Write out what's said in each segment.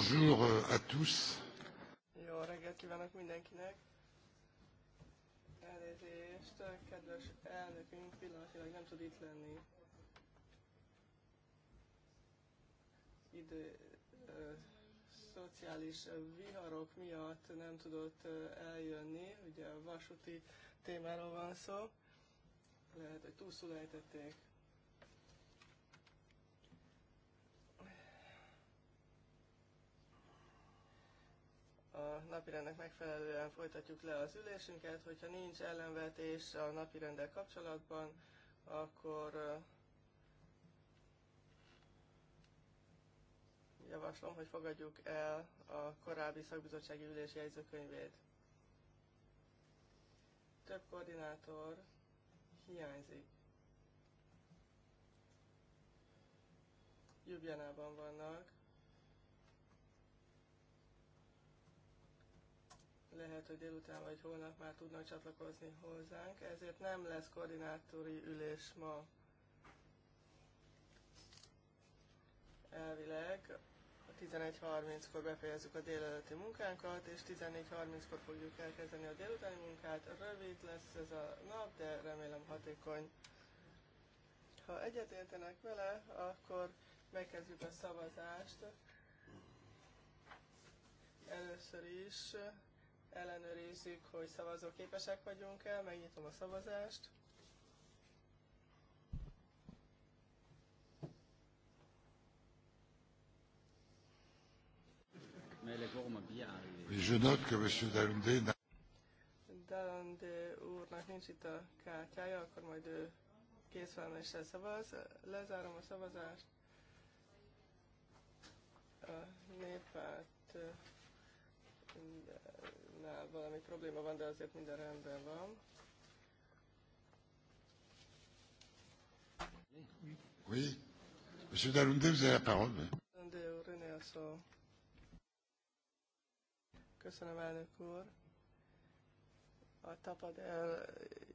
Bonjour euh, à tous. Jó reggelt kívánok mindenkinek. Elnézést, a kedves elnökünk pillanatilag nem tud itt lenni. Idő, ö, szociális viharok miatt nem tudott eljönni, ugye a vasúti témáról van szó. Lehet, hogy túlszul ejtették. a napirendnek megfelelően folytatjuk le az ülésünket. Hogyha nincs ellenvetés a napirendel kapcsolatban, akkor javaslom, hogy fogadjuk el a korábbi szakbizottsági ülés jegyzőkönyvét. Több koordinátor hiányzik. Jubjanában vannak. lehet, hogy délután vagy holnap már tudnak csatlakozni hozzánk, ezért nem lesz koordinátori ülés ma. Elvileg 11.30-kor befejezzük a délelőtti munkánkat, és 14.30-kor fogjuk elkezdeni a délutáni munkát. Rövid lesz ez a nap, de remélem hatékony. Ha egyetértenek vele, akkor megkezdjük a szavazást. Először is ellenőrizzük, hogy szavazóképesek vagyunk-e. Megnyitom a szavazást. Je note que M. Dalundé n'a úrnak nincs itt a kártyája, akkor majd ő készfelméssel szavaz. Lezárom a szavazást. A néppárt valami probléma van, de azért minden rendben van. Oui. Monsieur Dalunde, vous avez la parole. Dalunde úr, öné Köszönöm, elnök úr. A tapad el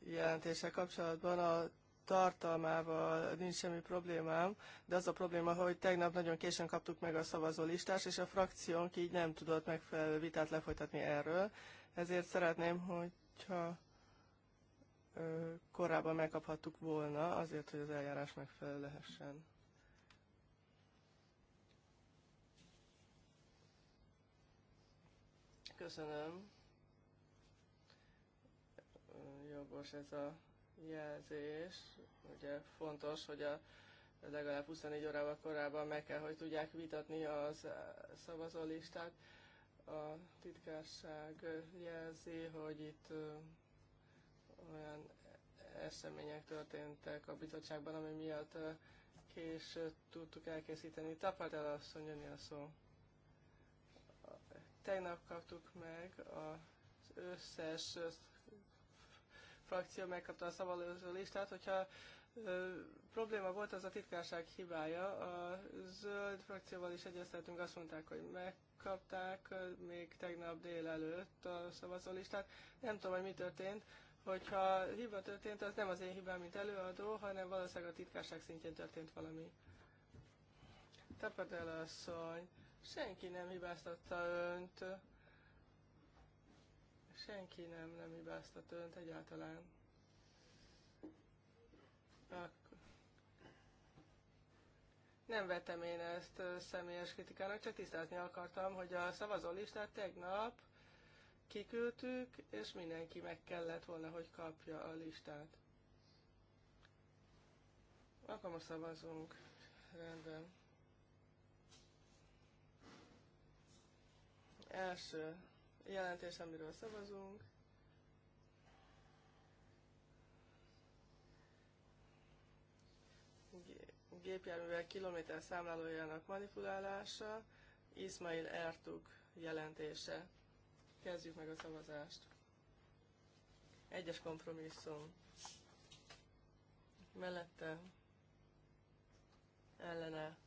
jelentése kapcsolatban a tartalmával nincs semmi problémám, de az a probléma, hogy tegnap nagyon későn kaptuk meg a szavazó listát, és a frakciónk így nem tudott megfelelő vitát lefolytatni erről. Ezért szeretném, hogyha korábban megkaphattuk volna, azért, hogy az eljárás megfelelő lehessen. Köszönöm. Jogos ez a jelzés. Ugye fontos, hogy a legalább 24 órával korábban meg kell, hogy tudják vitatni az szavazólistát. A titkárság jelzi, hogy itt olyan események történtek a bizottságban, ami miatt később tudtuk elkészíteni. Tapadel asszony, a szó. Tegnap kaptuk meg az összes frakció megkapta a szavazó listát, hogyha ö, probléma volt, az a titkárság hibája. A zöld frakcióval is egyeztetünk, azt mondták, hogy megkapták még tegnap délelőtt a szavazólistát. Nem tudom, hogy mi történt. Hogyha hiba történt, az nem az én hibám, mint előadó, hanem valószínűleg a titkárság szintjén történt valami. Tapadel asszony, senki nem hibáztatta önt senki nem, nem hibáztat önt egyáltalán. Akkor. Nem vettem én ezt személyes kritikának, csak tisztázni akartam, hogy a szavazólistát tegnap kiküldtük, és mindenki meg kellett volna, hogy kapja a listát. Akkor most szavazunk. Rendben. Első jelentés, amiről szavazunk. Gépjárművel kilométer számlálójának manipulálása, Ismail Ertug jelentése. Kezdjük meg a szavazást. Egyes kompromisszum. Mellette ellene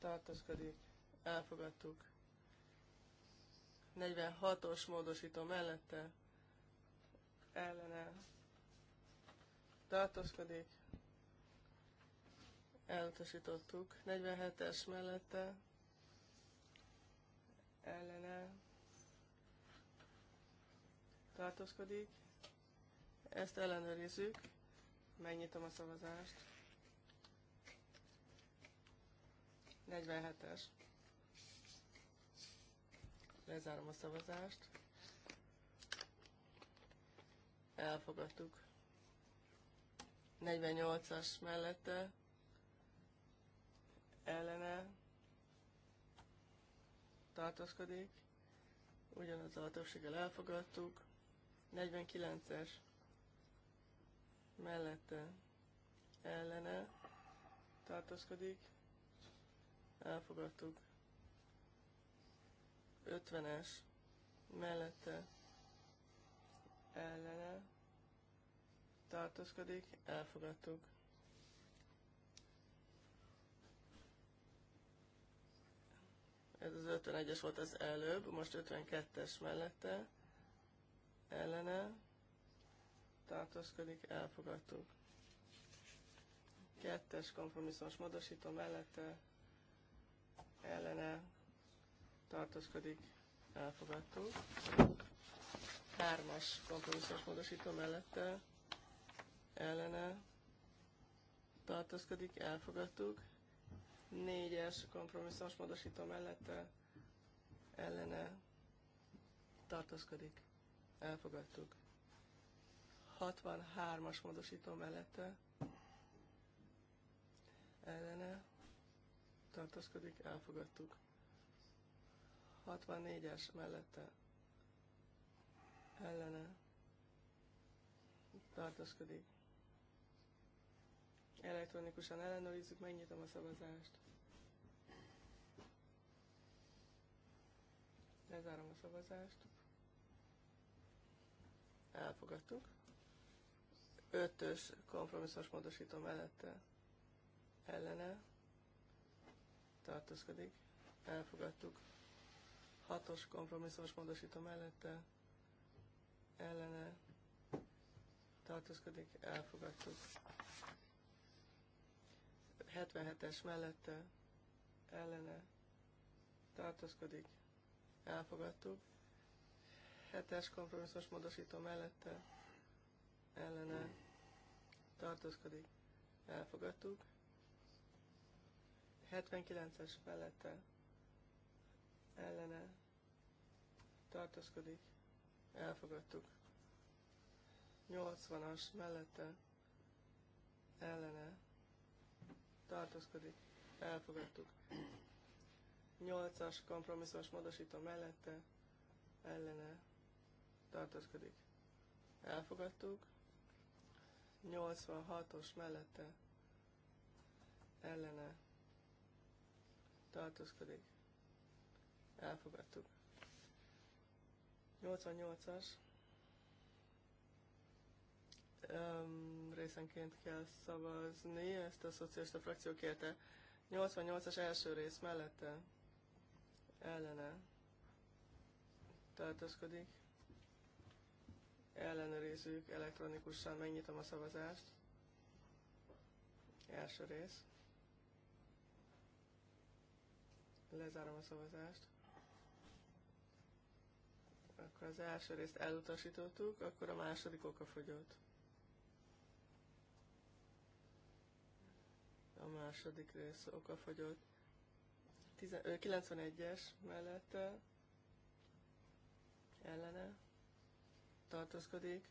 tartozkodik, elfogadtuk. 46-os módosító mellette ellene tartózkodik. Elutasítottuk. 47-es mellette ellene tartózkodik. Ezt ellenőrizzük. Megnyitom a szavazást. 47-es. Lezárom a szavazást. Elfogadtuk. 48-as mellette ellene tartózkodik. Ugyanaz a többséggel elfogadtuk. 49-es mellette ellene tartózkodik. Elfogadtuk. 50-es mellette ellene tartózkodik, elfogadtuk. Ez az 51-es volt az előbb, most 52-es mellette ellene tartózkodik, elfogadtuk. Kettes kompromisszumos módosító mellette ellene tartózkodik, elfogadtuk. Hármas kompromisszos módosító mellette ellene tartózkodik, elfogadtuk. Négyes kompromisszos módosító mellette ellene tartózkodik, elfogadtuk. 63-as módosító mellette ellene tartózkodik, elfogadtuk. 64-es mellette ellene tartózkodik. Elektronikusan ellenőrizzük, megnyitom a szavazást. Lezárom a szavazást. Elfogadtuk. Ötös kompromisszos módosító mellette ellene tartózkodik. Elfogadtuk. Hatos kompromisszumos módosító mellette ellene tartózkodik, elfogadtuk. 77-es mellette ellene tartózkodik, elfogadtuk. 7-es kompromisszumos módosító mellette ellene tartózkodik, elfogadtuk. 79-es mellette ellene tartózkodik, elfogadtuk. 80-as mellette ellene tartózkodik, elfogadtuk. 8-as kompromisszumos módosító mellette ellene tartózkodik, elfogadtuk. 86-os mellette ellene tartózkodik, elfogadtuk. 88-as um, részenként kell szavazni, ezt a szocialista frakció kérte. 88-as első rész mellette ellene tartózkodik. Ellenőrizzük elektronikusan, megnyitom a szavazást. Első rész. Lezárom a szavazást. Akkor az első részt elutasítottuk, akkor a második oka fogyott. A második rész oka fogyott. 91-es mellette ellene tartózkodik,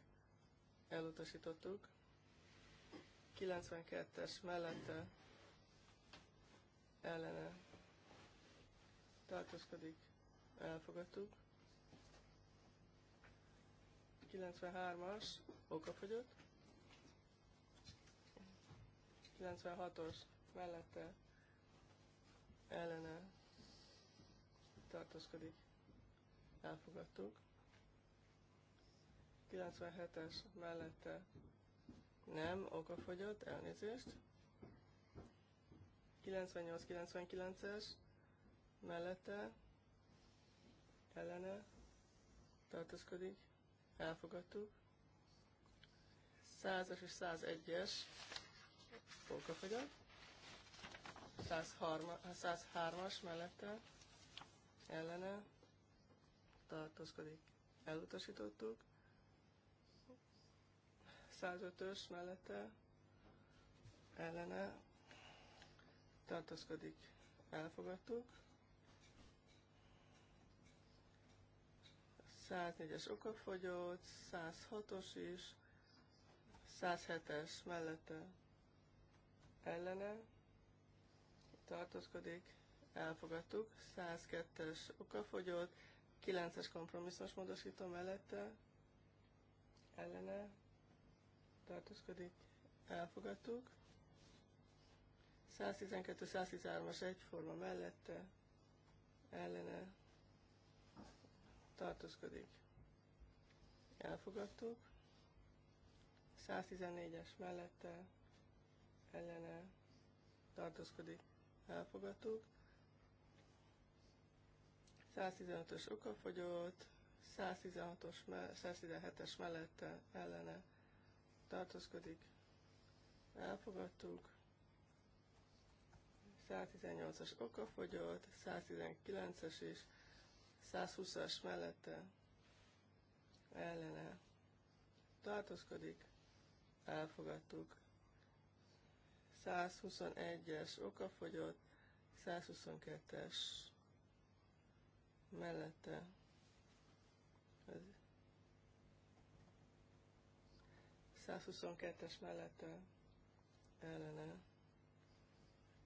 elutasítottuk. 92-es mellette ellene tartózkodik, elfogadtuk. 93-as okafogyott, 96-os mellette ellene tartózkodik, elfogadtuk. 97-es mellette nem, okafogyott, elnézést. 98-99-es mellette ellene tartózkodik, elfogadtuk. 100-as és 101-es pókafogyat. 103-as mellette ellene tartózkodik. Elutasítottuk. 105-ös mellette ellene tartózkodik. Elfogadtuk. 104-es okafogyott, 106-os is, 107-es mellette ellene tartózkodik, elfogadtuk, 102-es okafogyott, 9-es kompromisszumos módosító mellette ellene tartózkodik, elfogadtuk, 112-113-as egyforma mellette ellene tartózkodik. Elfogadtuk. 114-es mellette ellene tartózkodik. Elfogadtuk. 115-ös okafogyott, 116-os, 117-es mellette ellene tartózkodik. Elfogadtuk. 118-as okafogyott, 119-es is, 120-as mellette ellene tartózkodik, elfogadtuk. 121-es okafogyott, 122-es mellette ez 122-es mellette ellene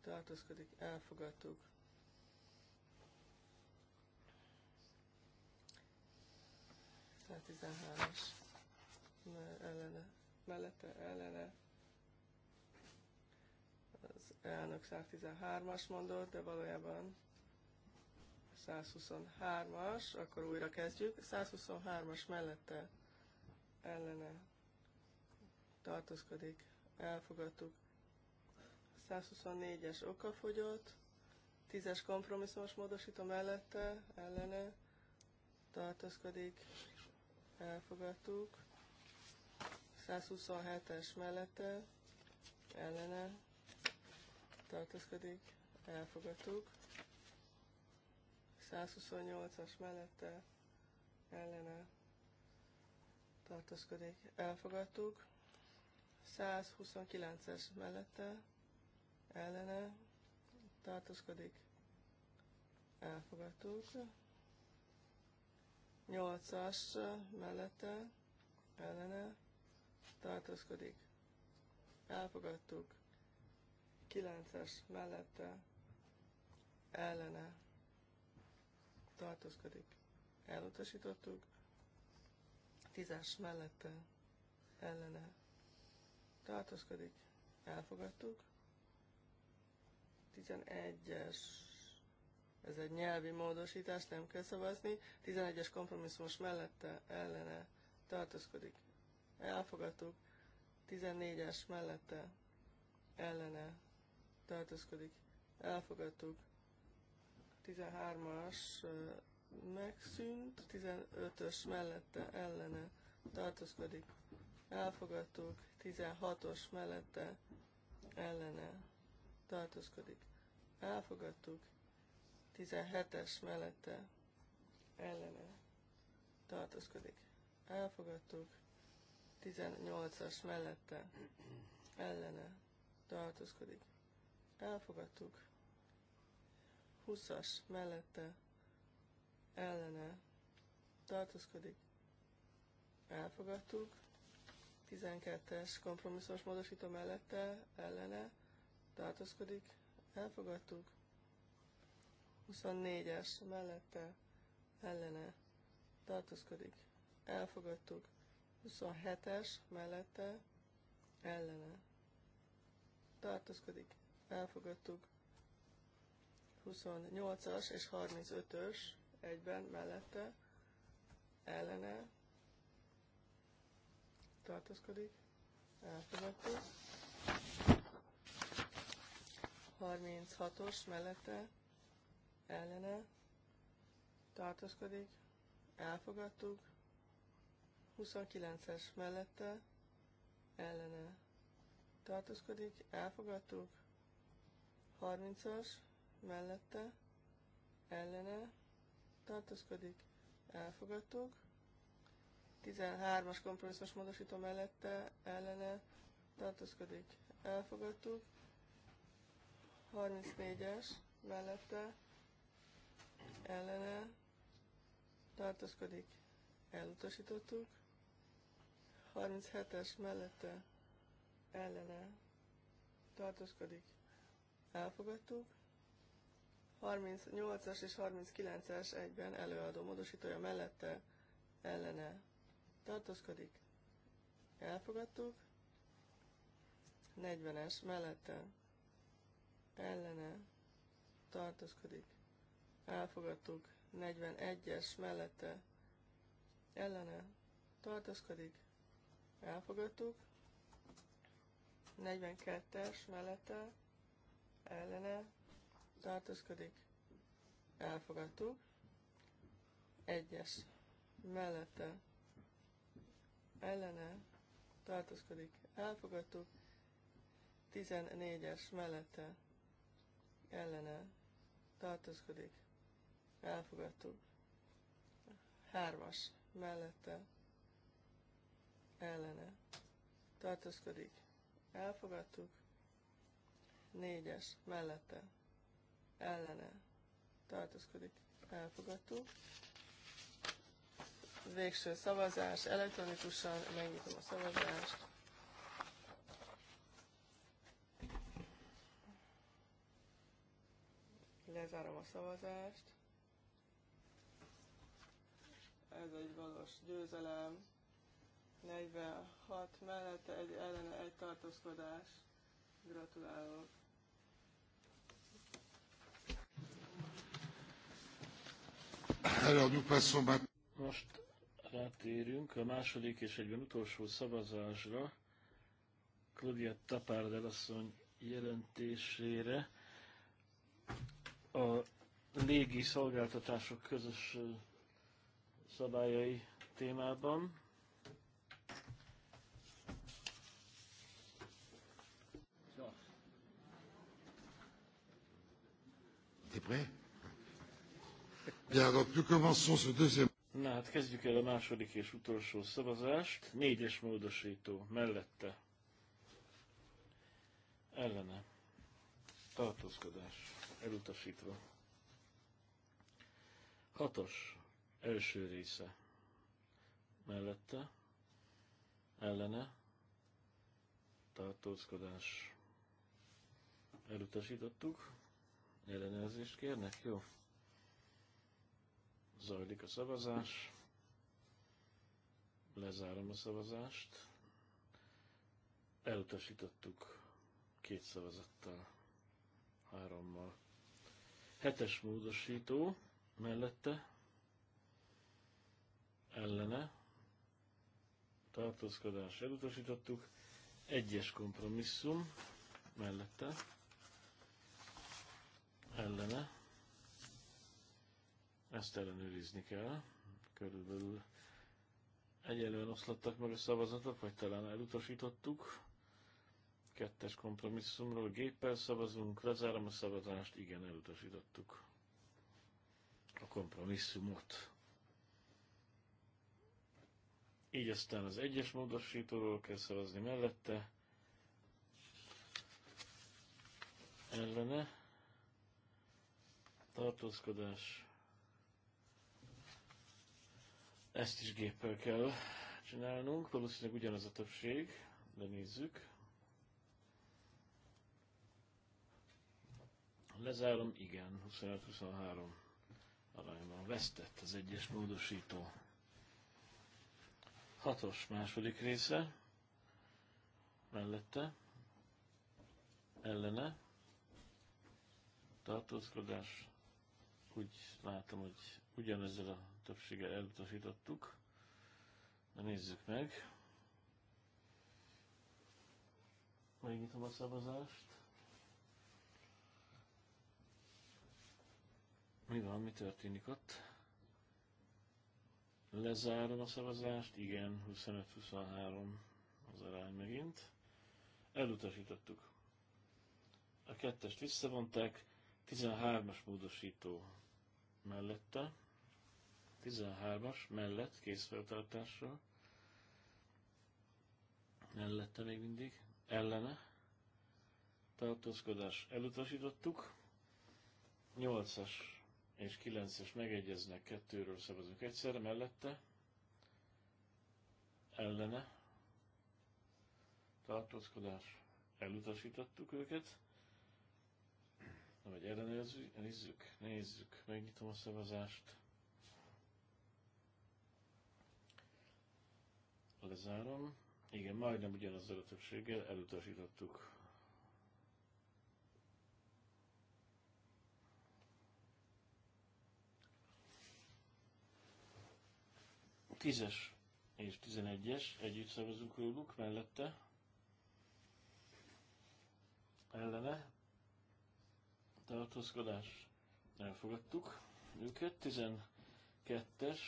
tartózkodik, elfogadtuk. 113-as ellene, mellette ellene az elnök 113-as mondott, de valójában 123-as, akkor újra kezdjük. 123-as mellette ellene tartózkodik, elfogadtuk. 124-es okafogyott, 10-es kompromisszumos módosító mellette ellene tartózkodik, elfogadtuk. 127-es mellette ellene tartózkodik, elfogadtuk. 128-as mellette ellene tartózkodik, elfogadtuk. 129-es mellette ellene tartózkodik, elfogadtuk. 8 mellette ellene tartózkodik. Elfogadtuk. 9-es mellette ellene tartózkodik. Elutasítottuk. 10-es mellette ellene tartózkodik. Elfogadtuk. 11-es ez egy nyelvi módosítás, nem kell szavazni. 11-es kompromisszumos mellette ellene tartózkodik. Elfogadtuk. 14-es mellette ellene tartózkodik. Elfogadtuk. 13-as megszűnt, 15-ös mellette ellene tartózkodik. Elfogadtuk. 16-os mellette ellene tartózkodik. Elfogadtuk. 17-es mellette ellene tartózkodik. Elfogadtuk. 18-as mellette ellene tartózkodik. Elfogadtuk. 20-as mellette ellene tartózkodik. Elfogadtuk. 12-es kompromisszós módosító mellette ellene tartózkodik. Elfogadtuk. 24-es mellette ellene tartózkodik. Elfogadtuk. 27-es mellette ellene tartózkodik. Elfogadtuk. 28-as és 35-ös egyben mellette ellene tartózkodik. Elfogadtuk. 36-os mellette ellene tartózkodik, elfogadtuk. 29-es mellette ellene tartózkodik, elfogadtuk. 30-as mellette ellene tartózkodik, elfogadtuk. 13-as kompromisszos módosító mellette ellene tartózkodik, elfogadtuk. 34-es mellette ellene tartózkodik, elutasítottuk. 37-es mellette ellene tartózkodik, elfogadtuk. 38-as és 39-es egyben előadó módosítója mellette ellene tartózkodik, elfogadtuk. 40-es mellette ellene tartózkodik, elfogadtuk. 41-es mellette ellene tartózkodik, elfogadtuk. 42-es mellette ellene tartózkodik, elfogadtuk. 1-es mellette ellene tartózkodik, elfogadtuk. 14-es mellette ellene tartózkodik, elfogadtuk. Hármas mellette ellene tartózkodik, elfogadtuk. Négyes mellette ellene tartózkodik, elfogadtuk. Végső szavazás, elektronikusan megnyitom a szavazást. lezárom a szavazást ez egy valós győzelem. 46 mellette egy ellene egy tartózkodás. Gratulálok! Most rátérünk a második és egyben utolsó szavazásra, Claudia Tapárdel asszony jelentésére a légi szolgáltatások közös szabályai témában. Na hát kezdjük el a második és utolsó szavazást. Négyes módosító mellette. Ellene. Tartózkodás. Elutasítva. Hatos Első része. Mellette. Ellene. Tartózkodás. Elutasítottuk. Ellenőrzést kérnek, jó? Zajlik a szavazás. Lezárom a szavazást. Elutasítottuk két szavazattal, hárommal. Hetes módosító mellette ellene tartózkodás elutasítottuk, egyes kompromisszum mellette ellene ezt ellenőrizni kell, körülbelül egyelően oszlattak meg a szavazatok, vagy talán elutasítottuk. Kettes kompromisszumról géppel szavazunk, lezárom a szavazást, igen, elutasítottuk a kompromisszumot. Így aztán az egyes módosítóról kell szavazni mellette. Ellene. Tartózkodás. Ezt is géppel kell csinálnunk. Valószínűleg ugyanaz a többség, de nézzük. Lezárom, igen, 25-23 arányban vesztett az egyes módosító. Hatos második része. Mellette. Ellene. Tartózkodás. Úgy látom, hogy ugyanezzel a többséggel elutasítottuk. De nézzük meg. Megnyitom a szavazást. Mi van, mi történik ott? Lezárom a szavazást, igen, 25-23 az arány megint. Elutasítottuk. A kettest visszavonták, 13-as módosító mellette, 13-as mellett készfeltartásra, mellette még mindig, ellene, tartózkodás elutasítottuk, 8-as és 9-es megegyeznek, kettőről szavazunk egyszerre, mellette, ellene, tartózkodás, elutasítottuk őket, vagy ellenőrizzük, nézzük, nézzük, megnyitom a szavazást, lezárom, igen, majdnem ugyanazzal a többséggel elutasítottuk 10-es és 11-es, együtt szavazunk róluk, mellette, ellene, tartózkodás, elfogadtuk őket, 12-es,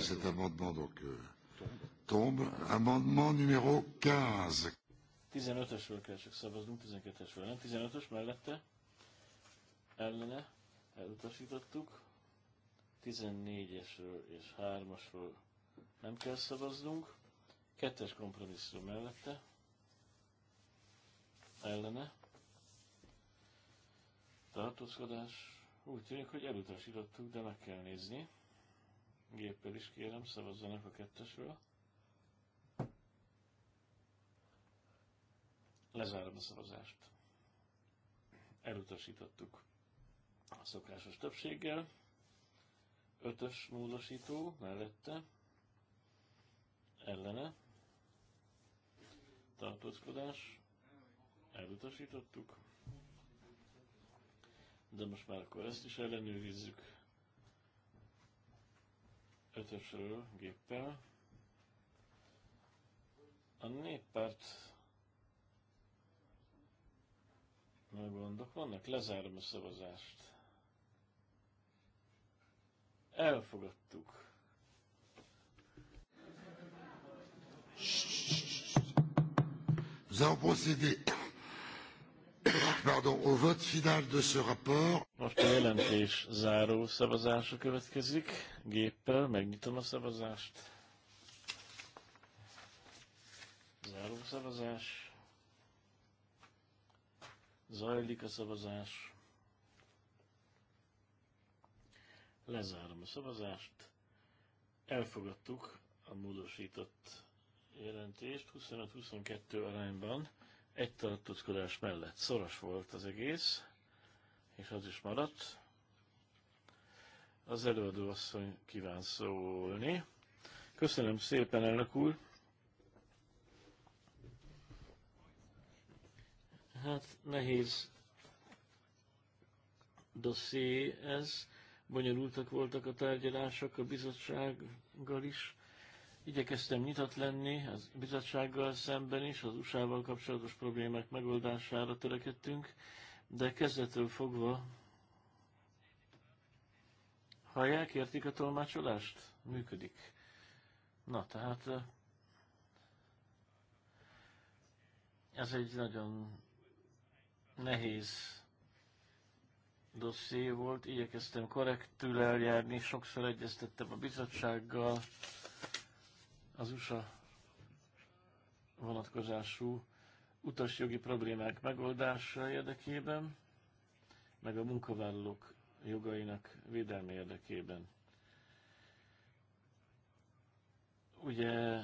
Cet amendement donc euh, tombe. Amendement numéro 15. 15-ösről kell csak szavaznunk, 12-esről nem. 15-ös mellette ellene elutasítottuk. 14-esről és 3-asról nem kell szavaznunk. 2-es kompromisszum mellette ellene tartózkodás. Úgy tűnik, hogy elutasítottuk, de meg kell nézni. Géppel is kérem, szavazzanak a kettesről. Lezárom a szavazást. Elutasítottuk a szokásos többséggel. Ötös módosító mellette. Ellene. Tartózkodás. Elutasítottuk. De most már akkor ezt is ellenőrizzük. Ötösről géppel. A néppárt Nagy gondok vannak? Lezárom a szavazást. Elfogadtuk. Nous allons procéder pardon, au vote final de ce rapport. Most a jelentés záró szavazása következik. Géppel megnyitom a szavazást. Záró szavazás. Zajlik a szavazás. Lezárom a szavazást. Elfogadtuk a módosított jelentést 25-22 arányban. Egy tartózkodás mellett szoros volt az egész, és az is maradt. Az előadó asszony kíván szólni. Köszönöm szépen, elnök úr! Hát nehéz dosszié ez, bonyolultak voltak a tárgyalások a bizottsággal is. Igyekeztem nyitott lenni a bizottsággal szemben is, az USA-val kapcsolatos problémák megoldására törekedtünk, de kezdetől fogva Hallják, értik a tolmácsolást? Működik. Na, tehát ez egy nagyon nehéz dosszié volt, igyekeztem korrektül eljárni, sokszor egyeztettem a bizottsággal, az USA vonatkozású utasjogi problémák megoldása érdekében, meg a munkavállalók jogainak védelme érdekében. Ugye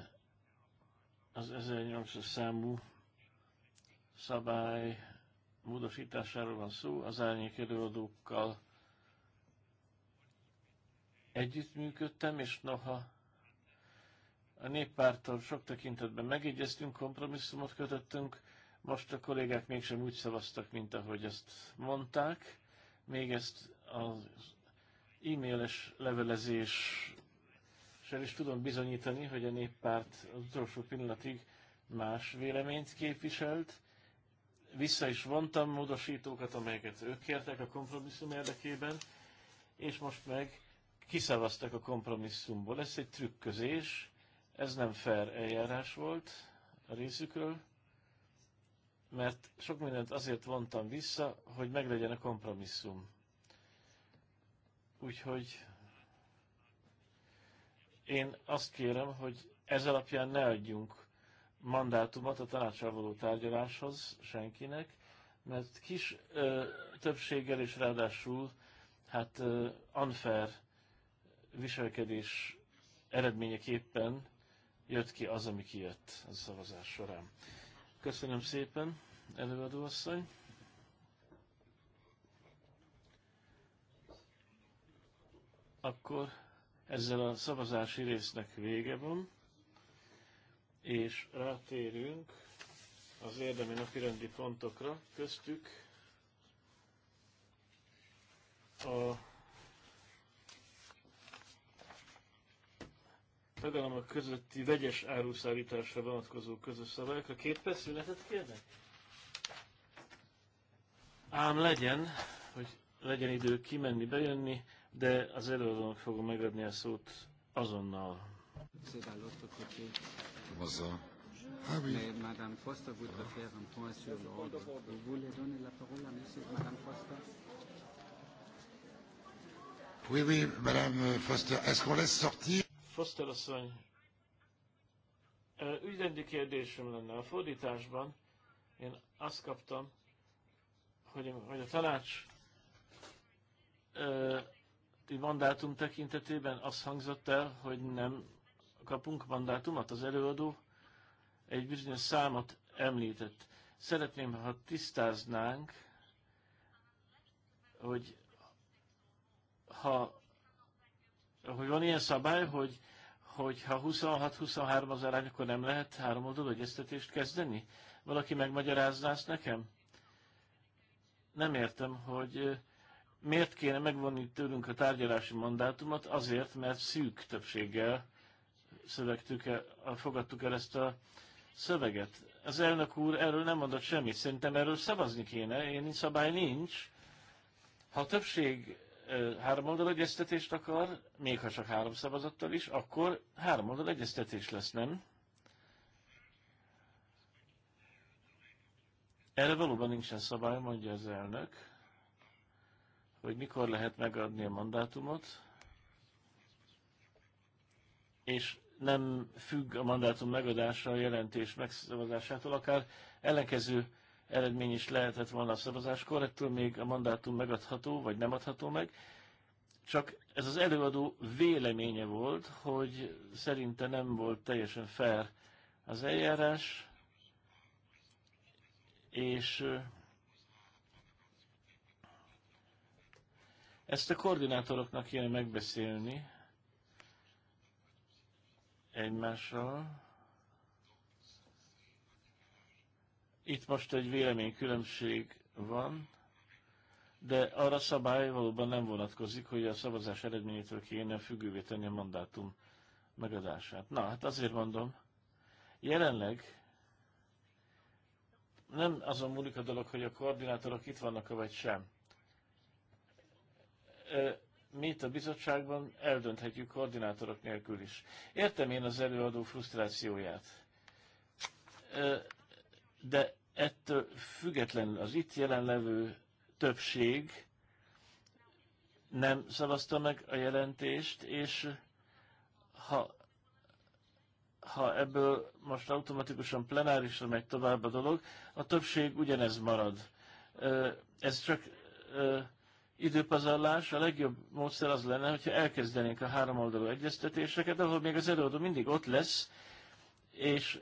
az 1800 számú szabály módosításáról van szó, az árnyék előadókkal együttműködtem, és noha a néppárttal sok tekintetben megegyeztünk, kompromisszumot kötöttünk, most a kollégák mégsem úgy szavaztak, mint ahogy ezt mondták. Még ezt az e-mailes és is tudom bizonyítani, hogy a néppárt az utolsó pillanatig más véleményt képviselt, vissza is vontam módosítókat, amelyeket ők kértek a kompromisszum érdekében, és most meg kiszavaztak a kompromisszumból. Ez egy trükközés, ez nem fair eljárás volt a részükről, mert sok mindent azért vontam vissza, hogy meglegyen a kompromisszum. Úgyhogy én azt kérem, hogy ez alapján ne adjunk mandátumot a tanácsra való tárgyaláshoz senkinek, mert kis ö, többséggel és ráadásul hát ö, unfair viselkedés eredményeképpen jött ki az, ami kijött a szavazás során. Köszönöm szépen, előadóasszony! Akkor ezzel a szavazási résznek vége van és rátérünk az érdemi napirendi pontokra, köztük a tagállamok közötti vegyes áruszállításra vonatkozó közös szabályokra. Két perc szünetet kérnek? Ám legyen, hogy legyen idő kimenni, bejönni, de az előadónak fogom megadni a szót azonnal. Szépen commence. Ah oui. Mais Madame Foster voudrait ah. faire un point sur l'ordre. Vous voulez donner la parole à Monsieur, Madame Foster Oui, oui, Madame Foster. Est-ce qu'on laisse sortir Foster asszony, ügyrendi kérdésem lenne a fordításban. Én azt kaptam, hogy, hogy a tanács ö, mandátum tekintetében az hangzott el, hogy nem kapunk mandátumot, az előadó egy bizonyos számot említett. Szeretném, ha tisztáznánk, hogy ha hogy van ilyen szabály, hogy, hogy ha 26-23 az arány, akkor nem lehet három oldalú egyeztetést kezdeni? Valaki megmagyarázná ezt nekem? Nem értem, hogy miért kéne megvonni tőlünk a tárgyalási mandátumot? Azért, mert szűk többséggel szövegtük el, fogadtuk el ezt a szöveget. Az elnök úr erről nem mondott semmit, szerintem erről szavazni kéne, én szabály nincs. Ha a többség háromoldal egyeztetést akar, még ha csak három szavazattal is, akkor háromoldal egyeztetés lesz, nem? Erre valóban nincsen szabály, mondja az elnök, hogy mikor lehet megadni a mandátumot, és nem függ a mandátum megadása a jelentés megszavazásától, akár ellenkező eredmény is lehetett volna a szavazáskor, ettől még a mandátum megadható, vagy nem adható meg. Csak ez az előadó véleménye volt, hogy szerinte nem volt teljesen fair az eljárás, és ezt a koordinátoroknak kéne megbeszélni, egymással. Itt most egy véleménykülönbség van, de arra szabály valóban nem vonatkozik, hogy a szavazás eredményétől kéne függővé tenni a mandátum megadását. Na, hát azért mondom, jelenleg nem azon múlik a dolog, hogy a koordinátorok itt vannak-e vagy sem mi itt a bizottságban eldönthetjük koordinátorok nélkül is. Értem én az előadó frusztrációját, de ettől függetlenül az itt jelenlevő többség nem szavazta meg a jelentést, és ha, ha ebből most automatikusan plenárisra megy tovább a dolog, a többség ugyanez marad. Ez csak időpazarlás, a legjobb módszer az lenne, hogyha elkezdenénk a háromoldalú egyeztetéseket, ahol még az előadó mindig ott lesz, és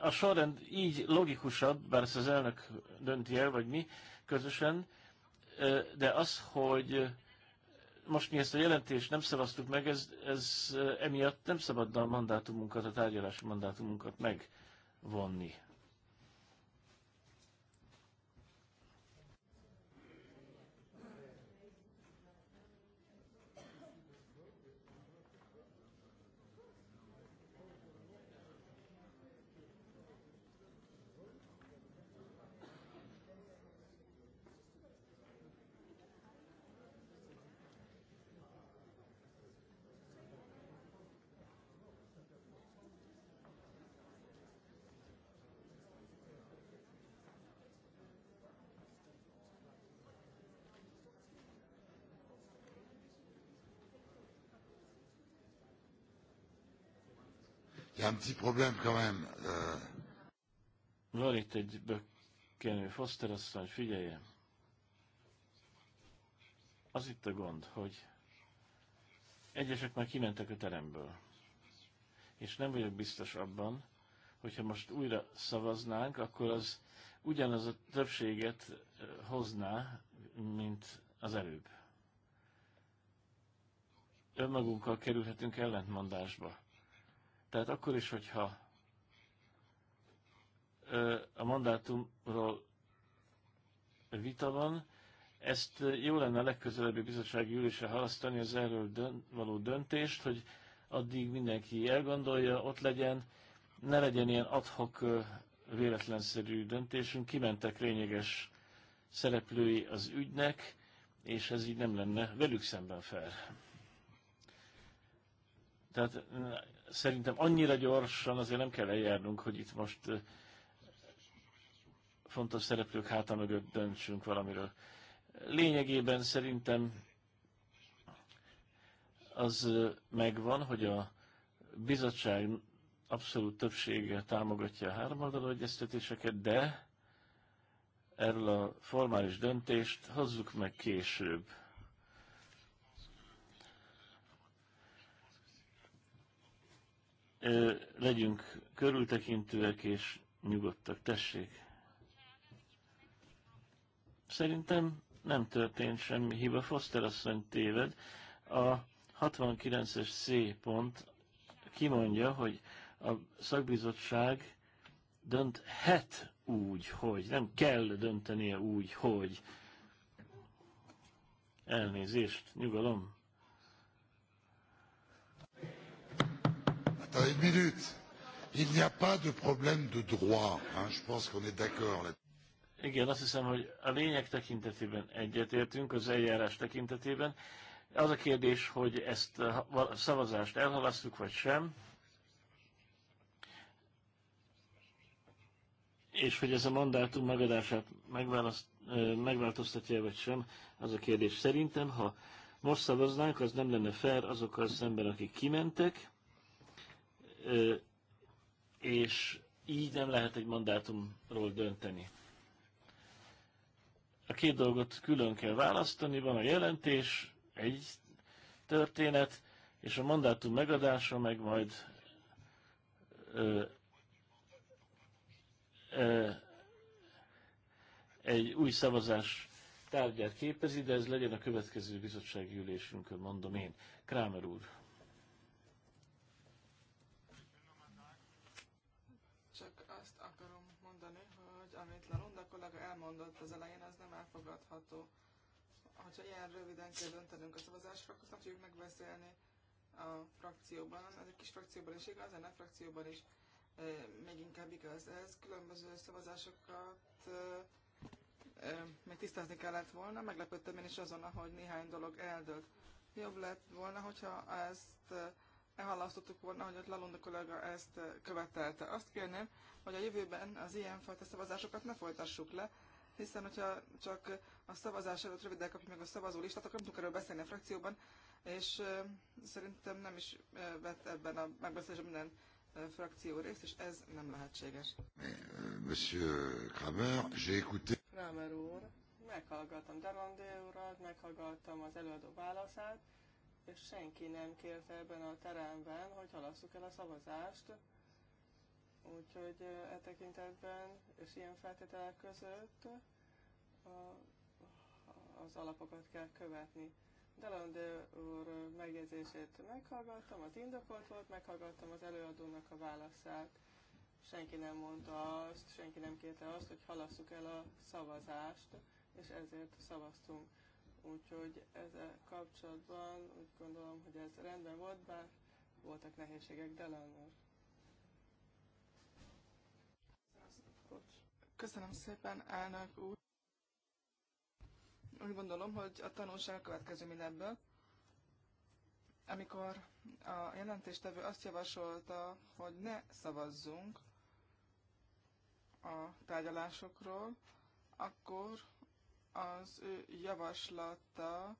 a sorrend így logikusabb, bár ezt az elnök dönti el, vagy mi közösen, de az, hogy most mi ezt a jelentést nem szavaztuk meg, ez, ez emiatt nem szabadna a mandátumunkat, a tárgyalási mandátumunkat megvonni. un petit problème quand même. Euh... Van itt egy bökkenő. Foster asszony, Az itt a gond, hogy egyesek már kimentek a teremből. És nem vagyok biztos abban, hogyha most újra szavaznánk, akkor az ugyanaz a többséget hozná, mint az előbb. Önmagunkkal kerülhetünk ellentmondásba. Tehát akkor is, hogyha a mandátumról vita van, ezt jó lenne a legközelebbi bizottsági ülésre halasztani az erről dönt, való döntést, hogy addig mindenki elgondolja, ott legyen, ne legyen ilyen adhok véletlenszerű döntésünk, kimentek lényeges szereplői az ügynek, és ez így nem lenne velük szemben fel. Tehát szerintem annyira gyorsan azért nem kell eljárnunk, hogy itt most fontos szereplők háta mögött döntsünk valamiről. Lényegében szerintem az megvan, hogy a bizottság abszolút többsége támogatja a háromoldalú egyeztetéseket, de erről a formális döntést hozzuk meg később. legyünk körültekintőek és nyugodtak. Tessék! Szerintem nem történt semmi hiba. Foster asszony téved. A 69-es C pont kimondja, hogy a szakbizottság dönthet úgy, hogy. Nem kell döntenie úgy, hogy. Elnézést, nyugalom. Attendez une minute. Il n'y a pas de problème de droit. Hein? Je pense qu'on est d'accord là. Igen, azt hiszem, hogy a lényeg tekintetében egyetértünk, az eljárás tekintetében. Az a kérdés, hogy ezt eh, a szavazást elhalasztjuk, vagy sem. És hogy ez a mandátum megadását eh, megváltoztatja, vagy sem, az a kérdés. Szerintem, ha most szavaznánk, az nem lenne fair azokkal szemben, akik kimentek, és így nem lehet egy mandátumról dönteni. A két dolgot külön kell választani, van a jelentés, egy történet, és a mandátum megadása meg majd ö, ö, egy új szavazás tárgyát képezi, de ez legyen a következő bizottsági ülésünkön, mondom én. Krámer úr. mondott az elején, az nem elfogadható. Hogyha ilyen röviden kell döntenünk a szavazásra, akkor nem tudjuk megbeszélni a frakcióban. Ez egy kis frakcióban is igaz, a frakcióban is e, még inkább igaz ez. Különböző szavazásokat e, e, még tisztázni kellett volna. Meglepődtem én is azon, hogy néhány dolog eldőlt. Jobb lett volna, hogyha ezt e, elhalasztottuk volna, hogy a Lalonda kollega ezt követelte. Azt kérném, hogy a jövőben az ilyenfajta szavazásokat ne folytassuk le, hiszen hogyha csak a szavazás előtt röviden kapjuk meg a szavazó listát, akkor nem tudunk erről beszélni a frakcióban, és szerintem nem is vett ebben a megbeszélésben minden frakció részt, és ez nem lehetséges. Euh, monsieur Kramer, j'ai écouté... Kramer úr, meghallgattam Darlandé urat, meghallgattam az előadó válaszát, és senki nem kérte ebben a teremben, hogy halasszuk el a szavazást, Úgyhogy e tekintetben és ilyen feltételek között az alapokat kell követni. Delande úr megjegyzését meghallgattam, az indokolt volt, meghallgattam az előadónak a válaszát. Senki nem mondta azt, senki nem kérte azt, hogy halasszuk el a szavazást, és ezért szavaztunk. Úgyhogy ezzel kapcsolatban úgy gondolom, hogy ez rendben volt, bár voltak nehézségek Delande úr. Köszönöm szépen, elnök úr. Úgy gondolom, hogy a tanulság következő mindenből. Amikor a jelentéstevő azt javasolta, hogy ne szavazzunk a tárgyalásokról, akkor az ő javaslata,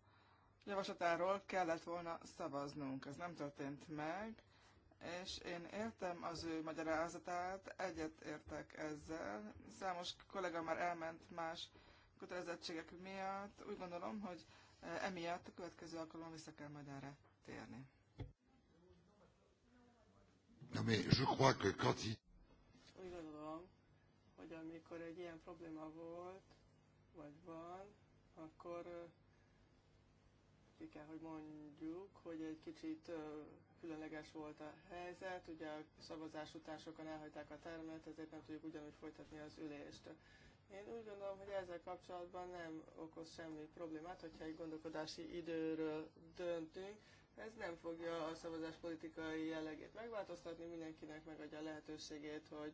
javaslatáról kellett volna szavaznunk. Ez nem történt meg, és én értem az ő magyarázatát, egyet értek ezzel. Számos kollega már elment más kötelezettségek miatt. Úgy gondolom, hogy e, emiatt a következő alkalommal vissza kell majd erre térni. Na, je crois que quand il... Úgy gondolom, hogy amikor egy ilyen probléma volt, vagy van, akkor e, ki kell, hogy mondjuk, hogy egy kicsit e, különleges volt a helyzet, ugye a szavazás után sokan elhagyták a termet, ezért nem tudjuk ugyanúgy folytatni az ülést. Én úgy gondolom, hogy ezzel kapcsolatban nem okoz semmi problémát, hogyha egy gondolkodási időről döntünk. Ez nem fogja a szavazás politikai jellegét megváltoztatni, mindenkinek megadja a lehetőségét, hogy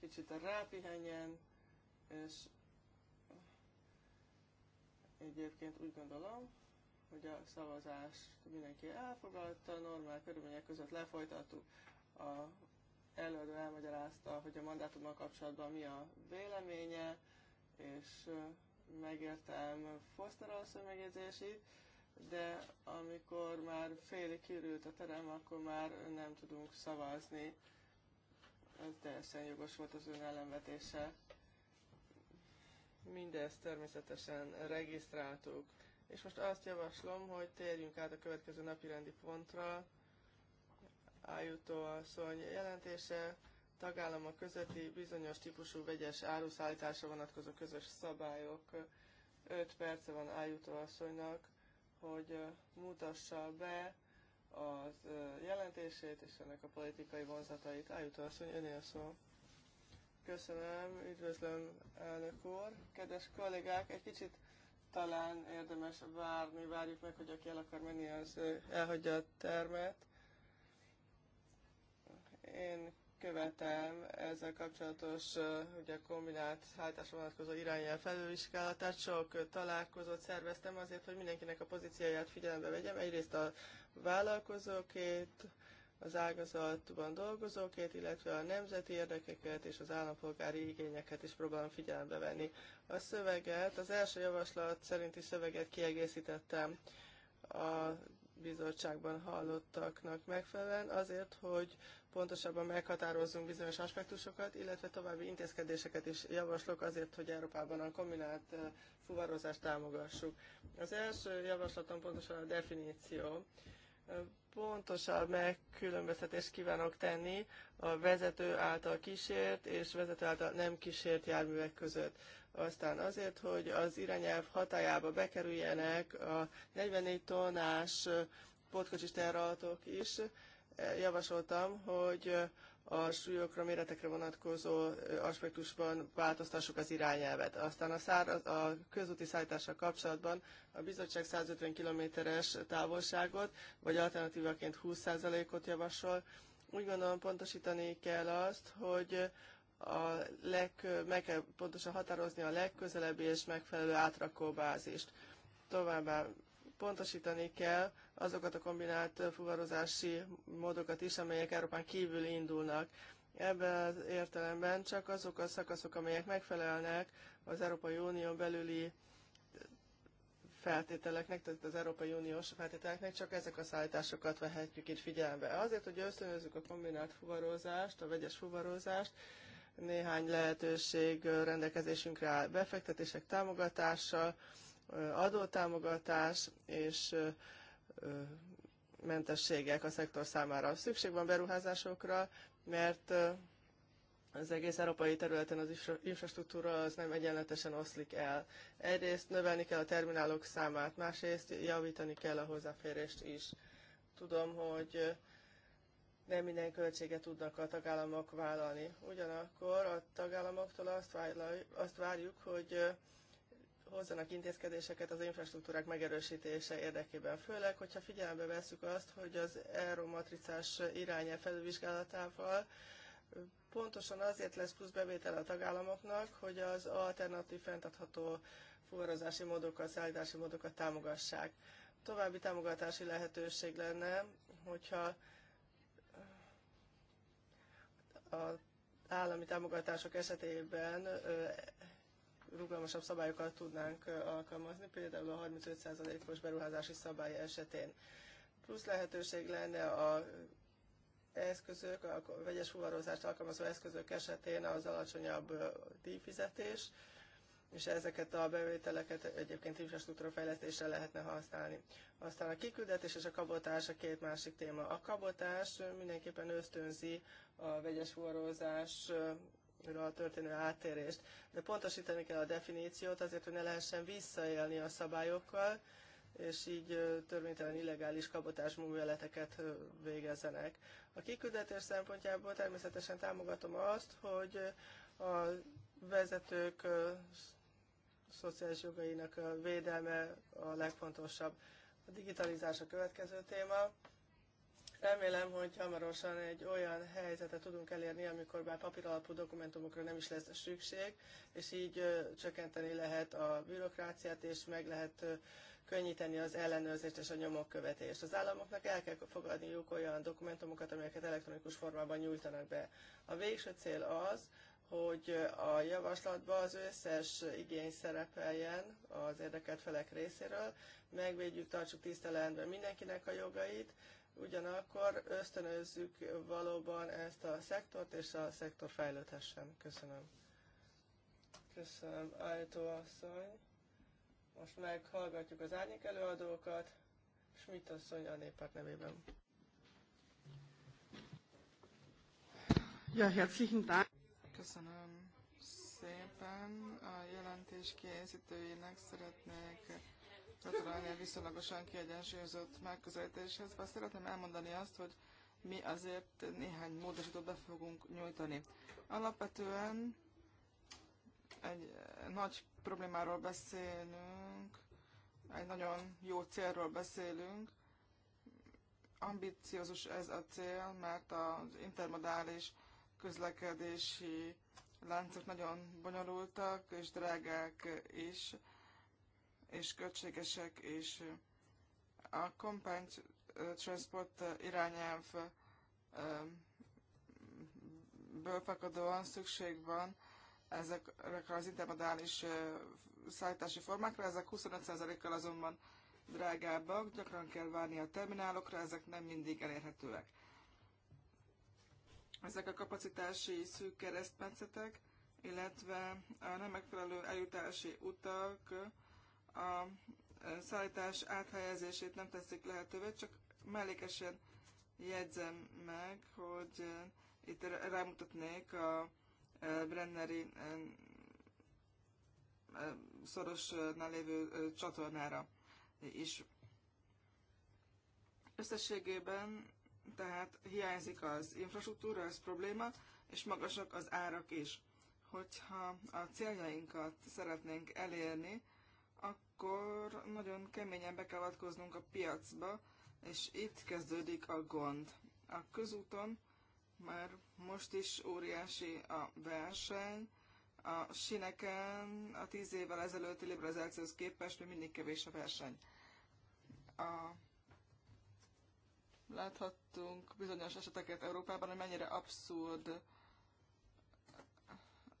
kicsit a rápihenjen, és egyébként úgy gondolom, hogy a szavazást mindenki elfogadta, normál körülmények között lefolytattuk. A előadó elmagyarázta, hogy a mandátummal kapcsolatban mi a véleménye, és megértem Foster asszony megjegyzését, de amikor már félig kiürült a terem, akkor már nem tudunk szavazni. Ez teljesen jogos volt az ön ellenvetése. Mindezt természetesen regisztráltuk. És most azt javaslom, hogy térjünk át a következő napi rendi pontra. Ájutó asszony jelentése, Tagállama közötti bizonyos típusú vegyes áruszállításra vonatkozó közös szabályok. 5 perce van Ájutó asszonynak, hogy mutassa be az jelentését és ennek a politikai vonzatait. Ájutó asszony, önél szó. Köszönöm, üdvözlöm elnök úr. Kedves kollégák, egy kicsit talán érdemes várni, várjuk meg, hogy aki el akar menni, az elhagyja a termet. Én követem ezzel kapcsolatos ugye kombinált hajtás vonatkozó irányjel felülvizsgálatát. Sok találkozót szerveztem azért, hogy mindenkinek a pozícióját figyelembe vegyem. Egyrészt a vállalkozókét, az ágazatban dolgozókét, illetve a nemzeti érdekeket és az állampolgári igényeket is próbálom figyelembe venni. A szöveget, az első javaslat szerinti szöveget kiegészítettem a bizottságban hallottaknak megfelelően azért, hogy pontosabban meghatározzunk bizonyos aspektusokat, illetve további intézkedéseket is javaslok azért, hogy Európában a kombinált eh, fuvarozást támogassuk. Az első javaslatom pontosan a definíció pontosabb megkülönböztetést kívánok tenni a vezető által kísért és vezető által nem kísért járművek között. Aztán azért, hogy az irányelv hatájába bekerüljenek a 44 tonnás pótkocsis is, javasoltam, hogy a súlyokra, méretekre vonatkozó aspektusban változtassuk az irányelvet. Aztán a, száraz, a közúti szállítással kapcsolatban a bizottság 150 km-es távolságot, vagy alternatívaként 20%-ot javasol. Úgy gondolom pontosítani kell azt, hogy a leg, meg kell pontosan határozni a legközelebbi és megfelelő átrakóbázist. Továbbá pontosítani kell azokat a kombinált fuvarozási módokat is, amelyek Európán kívül indulnak. Ebben az értelemben csak azok a szakaszok, amelyek megfelelnek az Európai Unió belüli feltételeknek, tehát az Európai Uniós feltételeknek, csak ezek a szállításokat vehetjük itt figyelembe. Azért, hogy ösztönözzük a kombinált fuvarozást, a vegyes fuvarozást, néhány lehetőség rendelkezésünkre áll befektetések támogatással, adótámogatás és mentességek a szektor számára. Szükség van beruházásokra, mert az egész európai területen az infrastruktúra az nem egyenletesen oszlik el. Egyrészt növelni kell a terminálok számát, másrészt javítani kell a hozzáférést is. Tudom, hogy nem minden költséget tudnak a tagállamok vállalni. Ugyanakkor a tagállamoktól azt, várjuk, hogy hozzanak intézkedéseket az infrastruktúrák megerősítése érdekében, főleg, hogyha figyelembe veszük azt, hogy az euromatricás irányel felülvizsgálatával pontosan azért lesz plusz bevétel a tagállamoknak, hogy az alternatív fenntartható fuvarozási módokat, szállítási módokat támogassák. További támogatási lehetőség lenne, hogyha a állami támogatások esetében rugalmasabb szabályokat tudnánk alkalmazni, például a 35%-os beruházási szabály esetén. Plusz lehetőség lenne a eszközök, a vegyes fuvarozást alkalmazó eszközök esetén az alacsonyabb díjfizetés, és ezeket a bevételeket egyébként fejlesztésre lehetne használni. Aztán a kiküldetés és a kabotás a két másik téma. A kabotás mindenképpen ösztönzi a vegyes fuvarozás történő áttérést. De pontosítani kell a definíciót azért, hogy ne lehessen visszaélni a szabályokkal, és így törvénytelen illegális kabotás műveleteket végezzenek. A kiküldetés szempontjából természetesen támogatom azt, hogy a vezetők szociális jogainak a védelme a legfontosabb. A digitalizás a következő téma. Remélem, hogy hamarosan egy olyan helyzetet tudunk elérni, amikor már papíralapú dokumentumokra nem is lesz szükség, és így csökkenteni lehet a bürokráciát, és meg lehet könnyíteni az ellenőrzést és a nyomokkövetést. Az államoknak el kell fogadniuk olyan dokumentumokat, amelyeket elektronikus formában nyújtanak be. A végső cél az, hogy a javaslatban az összes igény szerepeljen az érdekelt felek részéről, megvédjük, tartsuk tisztelendben mindenkinek a jogait, ugyanakkor ösztönözzük valóban ezt a szektort, és a szektor fejlődhessen. Köszönöm. Köszönöm, Ájtó asszony. Most meghallgatjuk az árnyék előadókat. mit asszony a néppárt nevében. Ja, herzlichen Dank. Köszönöm szépen. A jelentés készítőjének szeretnék gratulálni a viszonylagosan kiegyensúlyozott megközelítéshez, bár szeretném elmondani azt, hogy mi azért néhány módosítót be fogunk nyújtani. Alapvetően egy nagy problémáról beszélünk, egy nagyon jó célról beszélünk. Ambiciózus ez a cél, mert az intermodális közlekedési láncok nagyon bonyolultak és drágák is és költségesek, és a Compact Transport irányelv ből fakadóan szükség van ezekre az intermodális szállítási formákra, ezek 25%-kal azonban drágábbak, gyakran kell várni a terminálokra, ezek nem mindig elérhetőek. Ezek a kapacitási szűk keresztmetszetek, illetve a nem megfelelő eljutási utak a szállítás áthelyezését nem teszik lehetővé, csak mellékesen jegyzem meg, hogy eh, itt rámutatnék a eh, Brenneri eh, szorosnál lévő csatornára is. Összességében tehát hiányzik az infrastruktúra, ez probléma, és magasak az árak is. Hogyha a céljainkat szeretnénk elérni, akkor nagyon keményen be kell a piacba, és itt kezdődik a gond. A közúton már most is óriási a verseny, a sineken a tíz évvel ezelőtti liberalizációhoz képest még mindig kevés a verseny. A... Láthattunk bizonyos eseteket Európában, hogy mennyire abszurd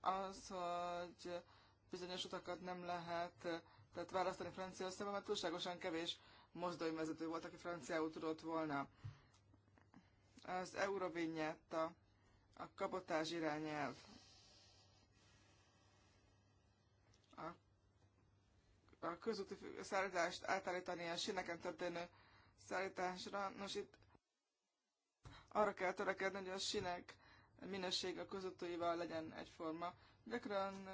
az, hogy bizonyos utakat nem lehet tehát választani Franciaországban, mert túlságosan kevés mozdonyvezető volt, aki franciául tudott volna. Az Eurovignetta, a kabotás irányelv, a, a közúti szállítást átállítani a sineken történő szállításra. Nos, itt arra kell törekedni, hogy a sinek minőség a közöttőivel legyen egyforma. Gyakran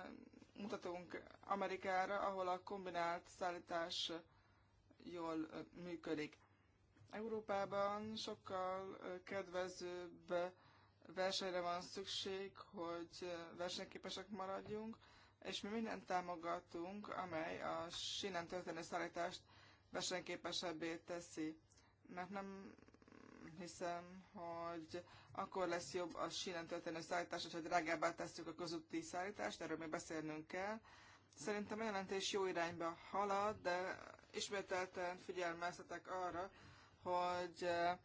mutatunk Amerikára, ahol a kombinált szállítás jól működik. Európában sokkal kedvezőbb versenyre van szükség, hogy versenyképesek maradjunk, és mi mindent támogatunk, amely a sinem történő szállítást versenyképesebbé teszi. Mert nem hiszem, hogy akkor lesz jobb a sínen történő szállítás, hogyha drágábbá tesszük a közúti szállítást, erről még beszélnünk kell. Szerintem a jelentés jó irányba halad, de ismételten figyelmeztetek arra, hogy eh,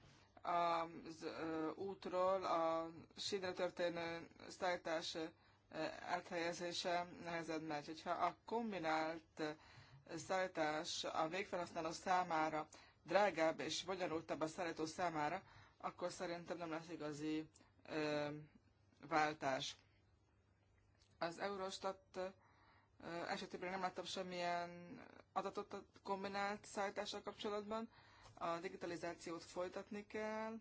az eh, útról a sínre történő szállítás eh, áthelyezése nehezen megy. Hogyha a kombinált szállítás a végfelhasználó számára drágább és bonyolultabb a szállító számára, akkor szerintem nem lesz igazi ö, váltás. Az Eurostat esetében nem láttam semmilyen adatot a kombinált szállítással kapcsolatban. A digitalizációt folytatni kell,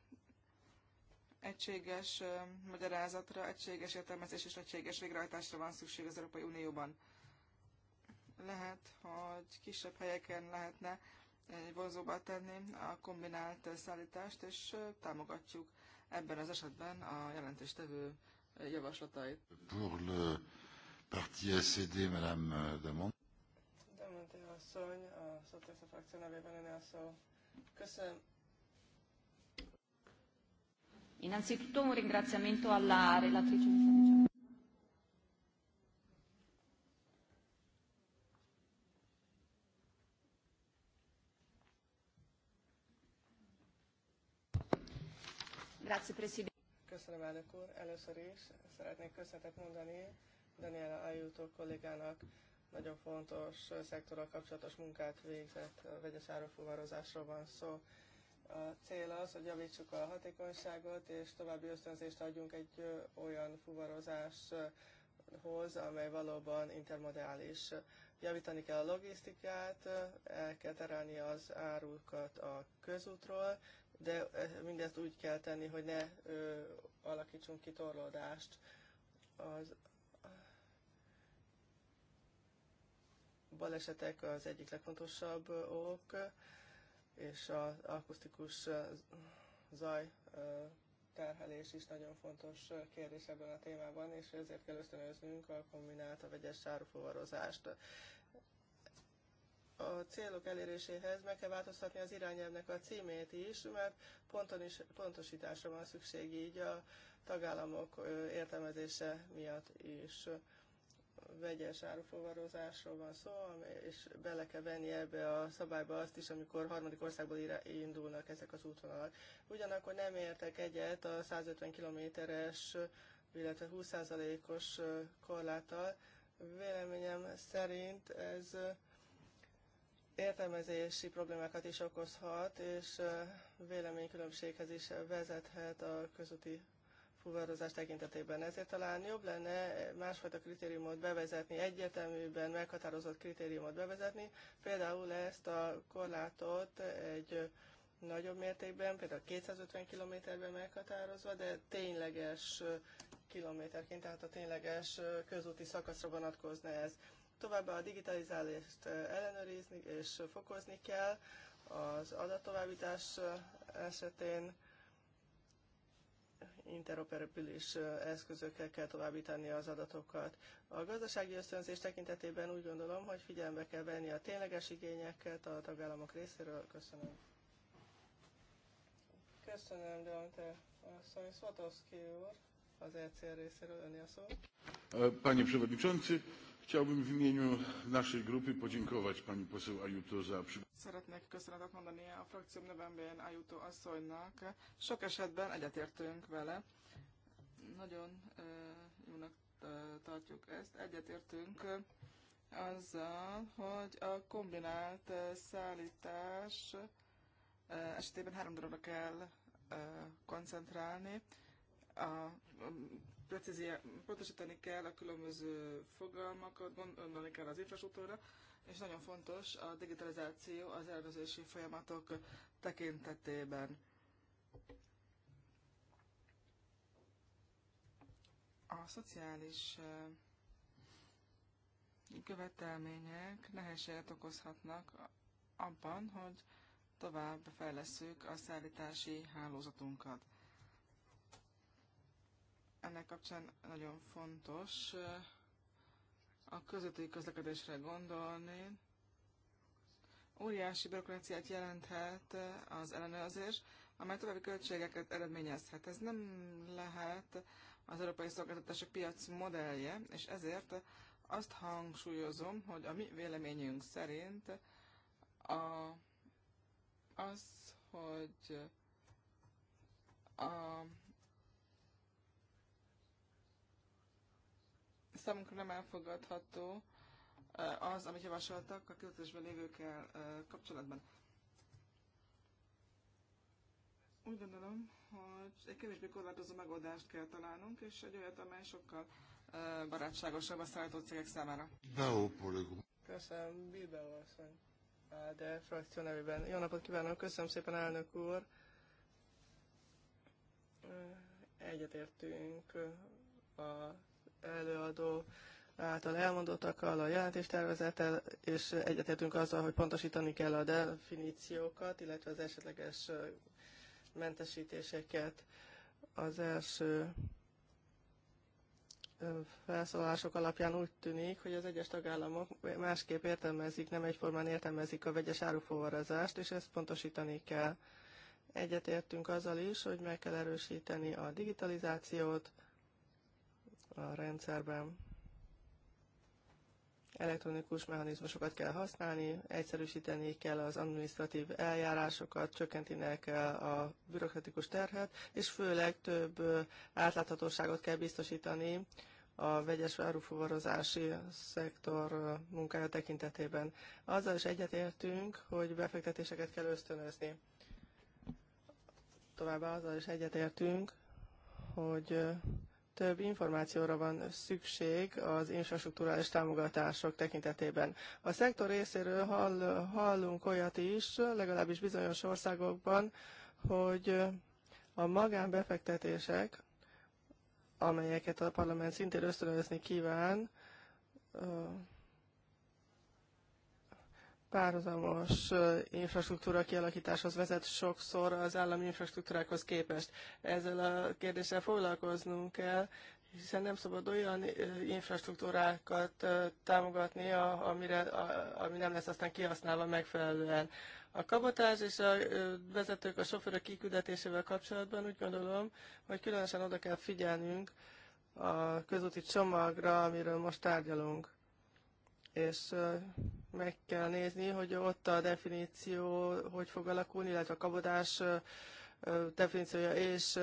egységes ö, magyarázatra, egységes értelmezés és egységes végrehajtásra van szükség az Európai Unióban. Lehet, hogy kisebb helyeken lehetne vonzóba tenni a kombinált szállítást, és támogatjuk ebben az esetben a jelentéstevő javaslatait. Pour le parti SED, Madame De Demonté asszony, a Frakció nevében önél szó. Köszönöm. Innanzitutto un ringraziamento alla relatrice. Köszönöm, elnök úr. Először is szeretnék köszönetet mondani Daniela Ayuto kollégának. Nagyon fontos szektorral kapcsolatos munkát végzett, vegyes árufuvarozásról van szó. A cél az, hogy javítsuk a hatékonyságot, és további ösztönzést adjunk egy olyan fuvarozáshoz, amely valóban intermodális. Javítani kell a logisztikát, el kell terelni az árukat a közútról, de eh, mindezt úgy kell tenni, hogy ne ö, alakítsunk ki torlódást. Az balesetek az egyik legfontosabb ok, és az akusztikus zaj terhelés is nagyon fontos kérdés ebben a témában, és ezért kell ösztönöznünk a kombinált a vegyes árufuvarozást a célok eléréséhez meg kell változtatni az irányelvnek a címét is, mert ponton is, pontosításra van szükség így a tagállamok értelmezése miatt is vegyes árufogarozásról van szó, és bele kell venni ebbe a szabályba azt is, amikor harmadik országból indulnak ezek az útvonalak. Ugyanakkor nem értek egyet a 150 kilométeres, illetve 20%-os korláttal. Véleményem szerint ez értelmezési problémákat is okozhat, és véleménykülönbséghez is vezethet a közúti fuvarozás tekintetében. Ezért talán jobb lenne másfajta kritériumot bevezetni, egyeteműben meghatározott kritériumot bevezetni, például ezt a korlátot egy nagyobb mértékben, például 250 kilométerben meghatározva, de tényleges kilométerként, tehát a tényleges közúti szakaszra vonatkozna ez. Továbbá a digitalizálást ellenőrizni és fokozni kell az adattovábbítás esetén interoperabilis eszközökkel kell továbbítani az adatokat. A gazdasági ösztönzés tekintetében úgy gondolom, hogy figyelembe kell venni a tényleges igényeket a tagállamok részéről. Köszönöm. Köszönöm, Dante Asszony Szvatowski úr, az ECR részéről öné a szó. Panie Przewodniczący, Chciałbym w imieniu naszej grupy podziękować pani poseł Ajuto za Szeretnék köszönetet mondani a frakcióm nevemben Ajuto asszonynak. Sok esetben egyetértünk vele. Nagyon uh, jónak tartjuk ezt. Egyetértünk azzal, hogy a kombinált szállítás esetében három dologra kell koncentrálni. A precíziá, pontosítani kell a különböző fogalmakat, gondolni kell az infrastruktúra, és nagyon fontos a digitalizáció az elvezési folyamatok tekintetében. A szociális eh, követelmények nehézséget okozhatnak abban, hogy tovább fejleszünk a szállítási hálózatunkat ennek kapcsán nagyon fontos eh, a közötti közlekedésre gondolni. Óriási bürokráciát jelenthet eh, az ellenőrzés, amely további költségeket eredményezhet. Ez nem lehet az európai szolgáltatások piac modellje, és ezért azt hangsúlyozom, hogy a mi véleményünk szerint a, az, hogy a számunkra nem elfogadható eh, az, amit javasoltak a költözésben lévőkkel eh, kapcsolatban. Úgy gondolom, hogy egy kevésbé korlátozó megoldást kell találnunk, és egy olyat, amely sokkal eh, barátságosabb a szállító cégek számára. Köszönöm, Bilbao asszony. De frakció nevében. Jó napot kívánok, köszönöm szépen, elnök úr. Egyetértünk a előadó által elmondottakkal, a jelentéstervezettel, és egyetértünk azzal, hogy pontosítani kell a definíciókat, illetve az esetleges mentesítéseket. Az első felszólások alapján úgy tűnik, hogy az egyes tagállamok másképp értelmezik, nem egyformán értelmezik a vegyes áruforrazást, és ezt pontosítani kell. Egyetértünk azzal is, hogy meg kell erősíteni a digitalizációt, a rendszerben. Elektronikus mechanizmusokat kell használni, egyszerűsíteni kell az administratív eljárásokat, csökkenteni kell a bürokratikus terhet, és főleg több átláthatóságot kell biztosítani a vegyes árufuvarozási szektor munkája tekintetében. Azzal is egyetértünk, hogy befektetéseket kell ösztönözni. Továbbá azzal is egyetértünk, hogy több információra van szükség az infrastruktúrális támogatások tekintetében. A szektor részéről hall, hallunk olyat is, legalábbis bizonyos országokban, hogy a magánbefektetések, amelyeket a parlament szintén ösztönözni kíván, párhuzamos infrastruktúra kialakításhoz vezet sokszor az állami infrastruktúrákhoz képest. Ezzel a kérdéssel foglalkoznunk kell, hiszen nem szabad olyan infrastruktúrákat támogatni, amire, ami nem lesz aztán kihasználva megfelelően. A kabotás és a vezetők, a sofőrök kiküldetésével kapcsolatban úgy gondolom, hogy különösen oda kell figyelnünk a közúti csomagra, amiről most tárgyalunk. És meg kell nézni, hogy ott a definíció hogy fog alakulni, illetve a kabodás definíciója és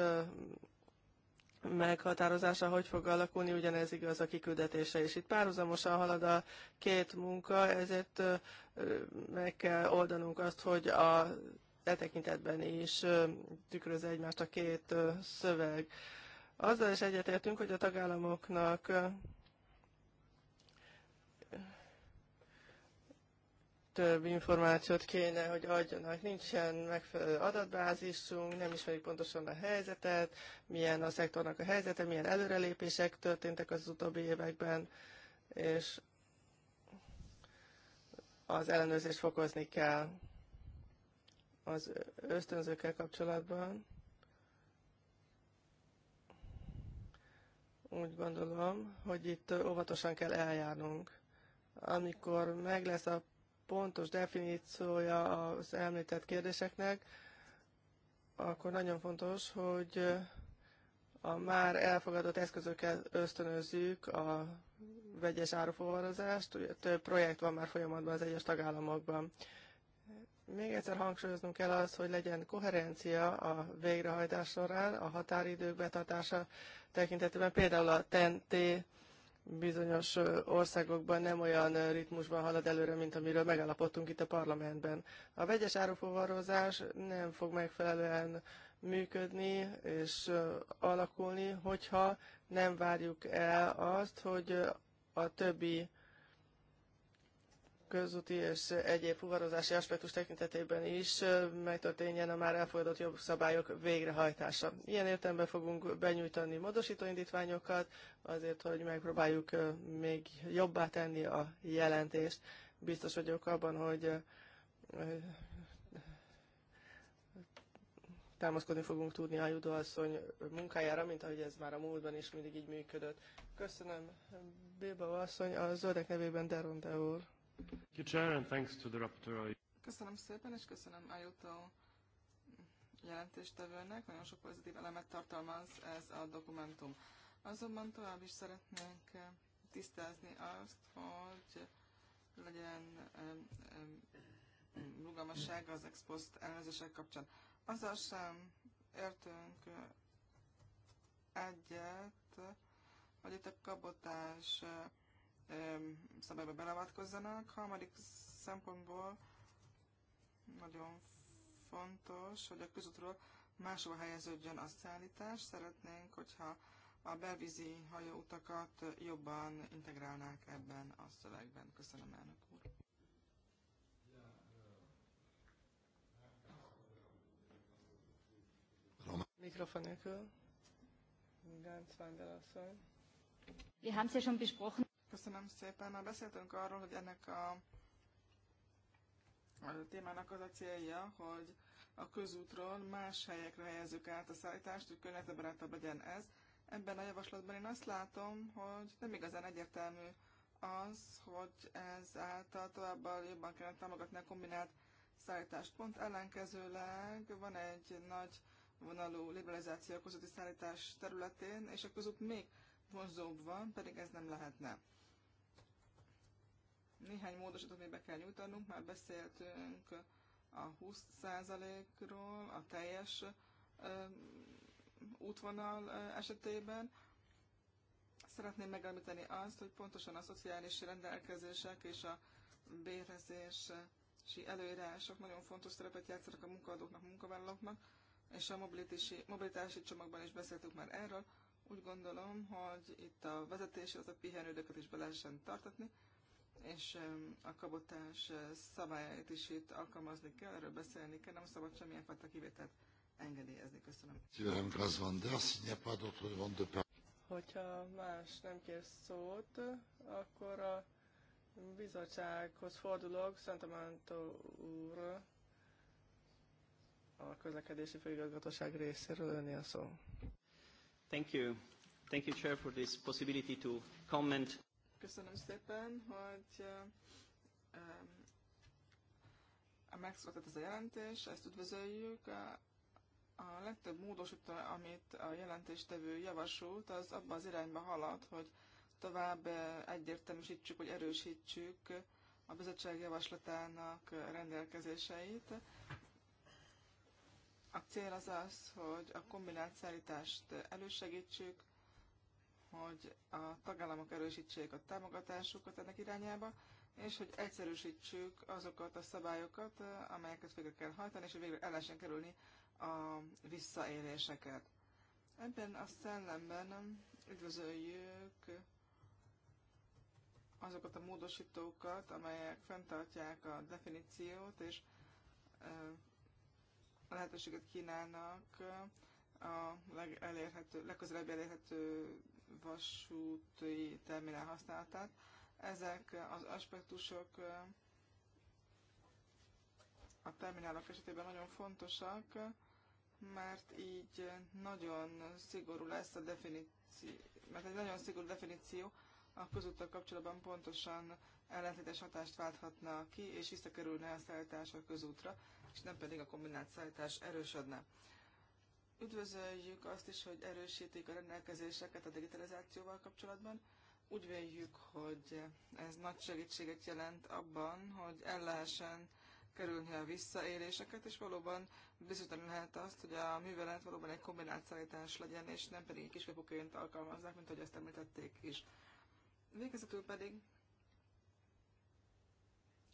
meghatározása hogy fog alakulni, ugyanez igaz a kiküldetése is. Itt párhuzamosan halad a két munka, ezért meg kell oldanunk azt, hogy a e tekintetben is tükröz egymást a két szöveg. Azzal is egyetértünk, hogy a tagállamoknak több információt kéne, hogy adjanak. Nincsen megfelelő adatbázisunk, nem ismerik pontosan a helyzetet, milyen a szektornak a helyzete, milyen előrelépések történtek az utóbbi években, és az ellenőrzést fokozni kell az ösztönzőkkel kapcsolatban. Úgy gondolom, hogy itt óvatosan kell eljárnunk amikor meg lesz a pontos definíciója az említett kérdéseknek, akkor nagyon fontos, hogy a már elfogadott eszközökkel ösztönözzük a vegyes áruforrazást. több projekt van már folyamatban az egyes tagállamokban. Még egyszer hangsúlyoznunk kell az, hogy legyen koherencia a végrehajtás során, a határidők betartása tekintetében, például a TNT bizonyos országokban nem olyan ritmusban halad előre, mint amiről megállapodtunk itt a parlamentben. A vegyes árufóvarozás nem fog megfelelően működni és alakulni, hogyha nem várjuk el azt, hogy a többi közúti és egyéb fuvarozási aspektus tekintetében is megtörténjen a már elfogadott jogszabályok végrehajtása. Ilyen értelemben fogunk benyújtani módosítóindítványokat, azért, hogy megpróbáljuk még jobbá tenni a jelentést. Biztos vagyok abban, hogy támaszkodni fogunk tudni a asszony munkájára, mint ahogy ez már a múltban is mindig így működött. Köszönöm, Bilba asszony, a zöldek nevében Deronda úr. Köszönöm szépen, és köszönöm Ayuto jelentéstevőnek. Nagyon sok pozitív elemet tartalmaz ez a dokumentum. Azonban tovább is szeretnénk tisztázni azt, hogy legyen rugalmasság az expost elnézések kapcsán. Azzal sem értünk egyet, hogy itt a kabotás szabályba beleavatkozzanak. Harmadik szempontból nagyon fontos, hogy a közútról máshova helyeződjön a szállítás. Szeretnénk, hogyha a belvízi hajóutakat jobban integrálnák ebben a szövegben. Köszönöm, elnök úr. Mikrofon nélkül. Ganz Vandelasszony. Wir haben es ja schon besprochen. Köszönöm szépen. Már beszéltünk arról, hogy ennek a, a témának az a célja, hogy a közútról más helyekre helyezzük át a szállítást, hogy környezetbarátabb legyen ez. Ebben a javaslatban én azt látom, hogy nem igazán egyértelmű az, hogy által továbbá jobban kellene támogatni a kombinált szállítást. Pont ellenkezőleg van egy nagy vonalú liberalizáció a közúti szállítás területén, és a közút még vonzóbb van, pedig ez nem lehetne. Néhány módosítót még be kell nyújtanunk, már beszéltünk a 20%-ról, a teljes útvonal esetében. Szeretném megemlíteni azt, hogy pontosan a szociális rendelkezések és a bérezési előírások nagyon fontos szerepet játszanak a munkaadóknak, a munkavállalóknak, és a mobilitási, mobilitási csomagban is beszéltük már erről. Úgy gondolom, hogy itt a vezetési, az a pihenődöket is be lehessen tartatni, és a kabotás eh, szabályait is itt alkalmazni kell, erről beszélni kell, nem szabad semmilyen fajta kivételt engedélyezni. Köszönöm. Hogyha más nem kér szót, akkor a bizottsághoz fordulok, Szent Szentamánto úr a közlekedési főigazgatóság részéről lenni a szó. Thank you. Thank you, Chair, for this possibility to comment köszönöm szépen, hogy megszületett ez a jelentés, ezt üdvözöljük. A, a legtöbb módosító, amit a jelentéstevő javasolt, az abban az irányba halad, hogy tovább egyértelműsítsük, hogy erősítsük a bizottság javaslatának rendelkezéseit. A cél az az, hogy a kombinált szállítást elősegítsük, hogy a tagállamok erősítsék a támogatásukat ennek irányába, és hogy egyszerűsítsük azokat a szabályokat, eh, amelyeket végre kell hajtani, és hogy végre el lehessen kerülni a visszaéléseket. Ebben a szellemben üdvözöljük azokat a módosítókat, amelyek fenntartják a definíciót, és eh, a lehetőséget kínálnak a legelérhető, legközelebb elérhető vasúti terminál használatát. Ezek az aspektusok a terminálok esetében nagyon fontosak, mert így nagyon szigorú lesz a definíció, mert egy nagyon szigorú definíció a közúttal kapcsolatban pontosan ellentétes hatást válthatna ki, és visszakerülne a szállítás a közútra, és nem pedig a kombinált szállítás erősödne. Üdvözöljük azt is, hogy erősítik a rendelkezéseket a digitalizációval kapcsolatban. Úgy véljük, hogy ez nagy segítséget jelent abban, hogy el lehessen kerülni a visszaéléseket, és valóban biztosan lehet azt, hogy a művelet valóban egy kombinált szállítás legyen, és nem pedig kiskapuként alkalmazzák, mint ahogy azt említették is. Végezetül pedig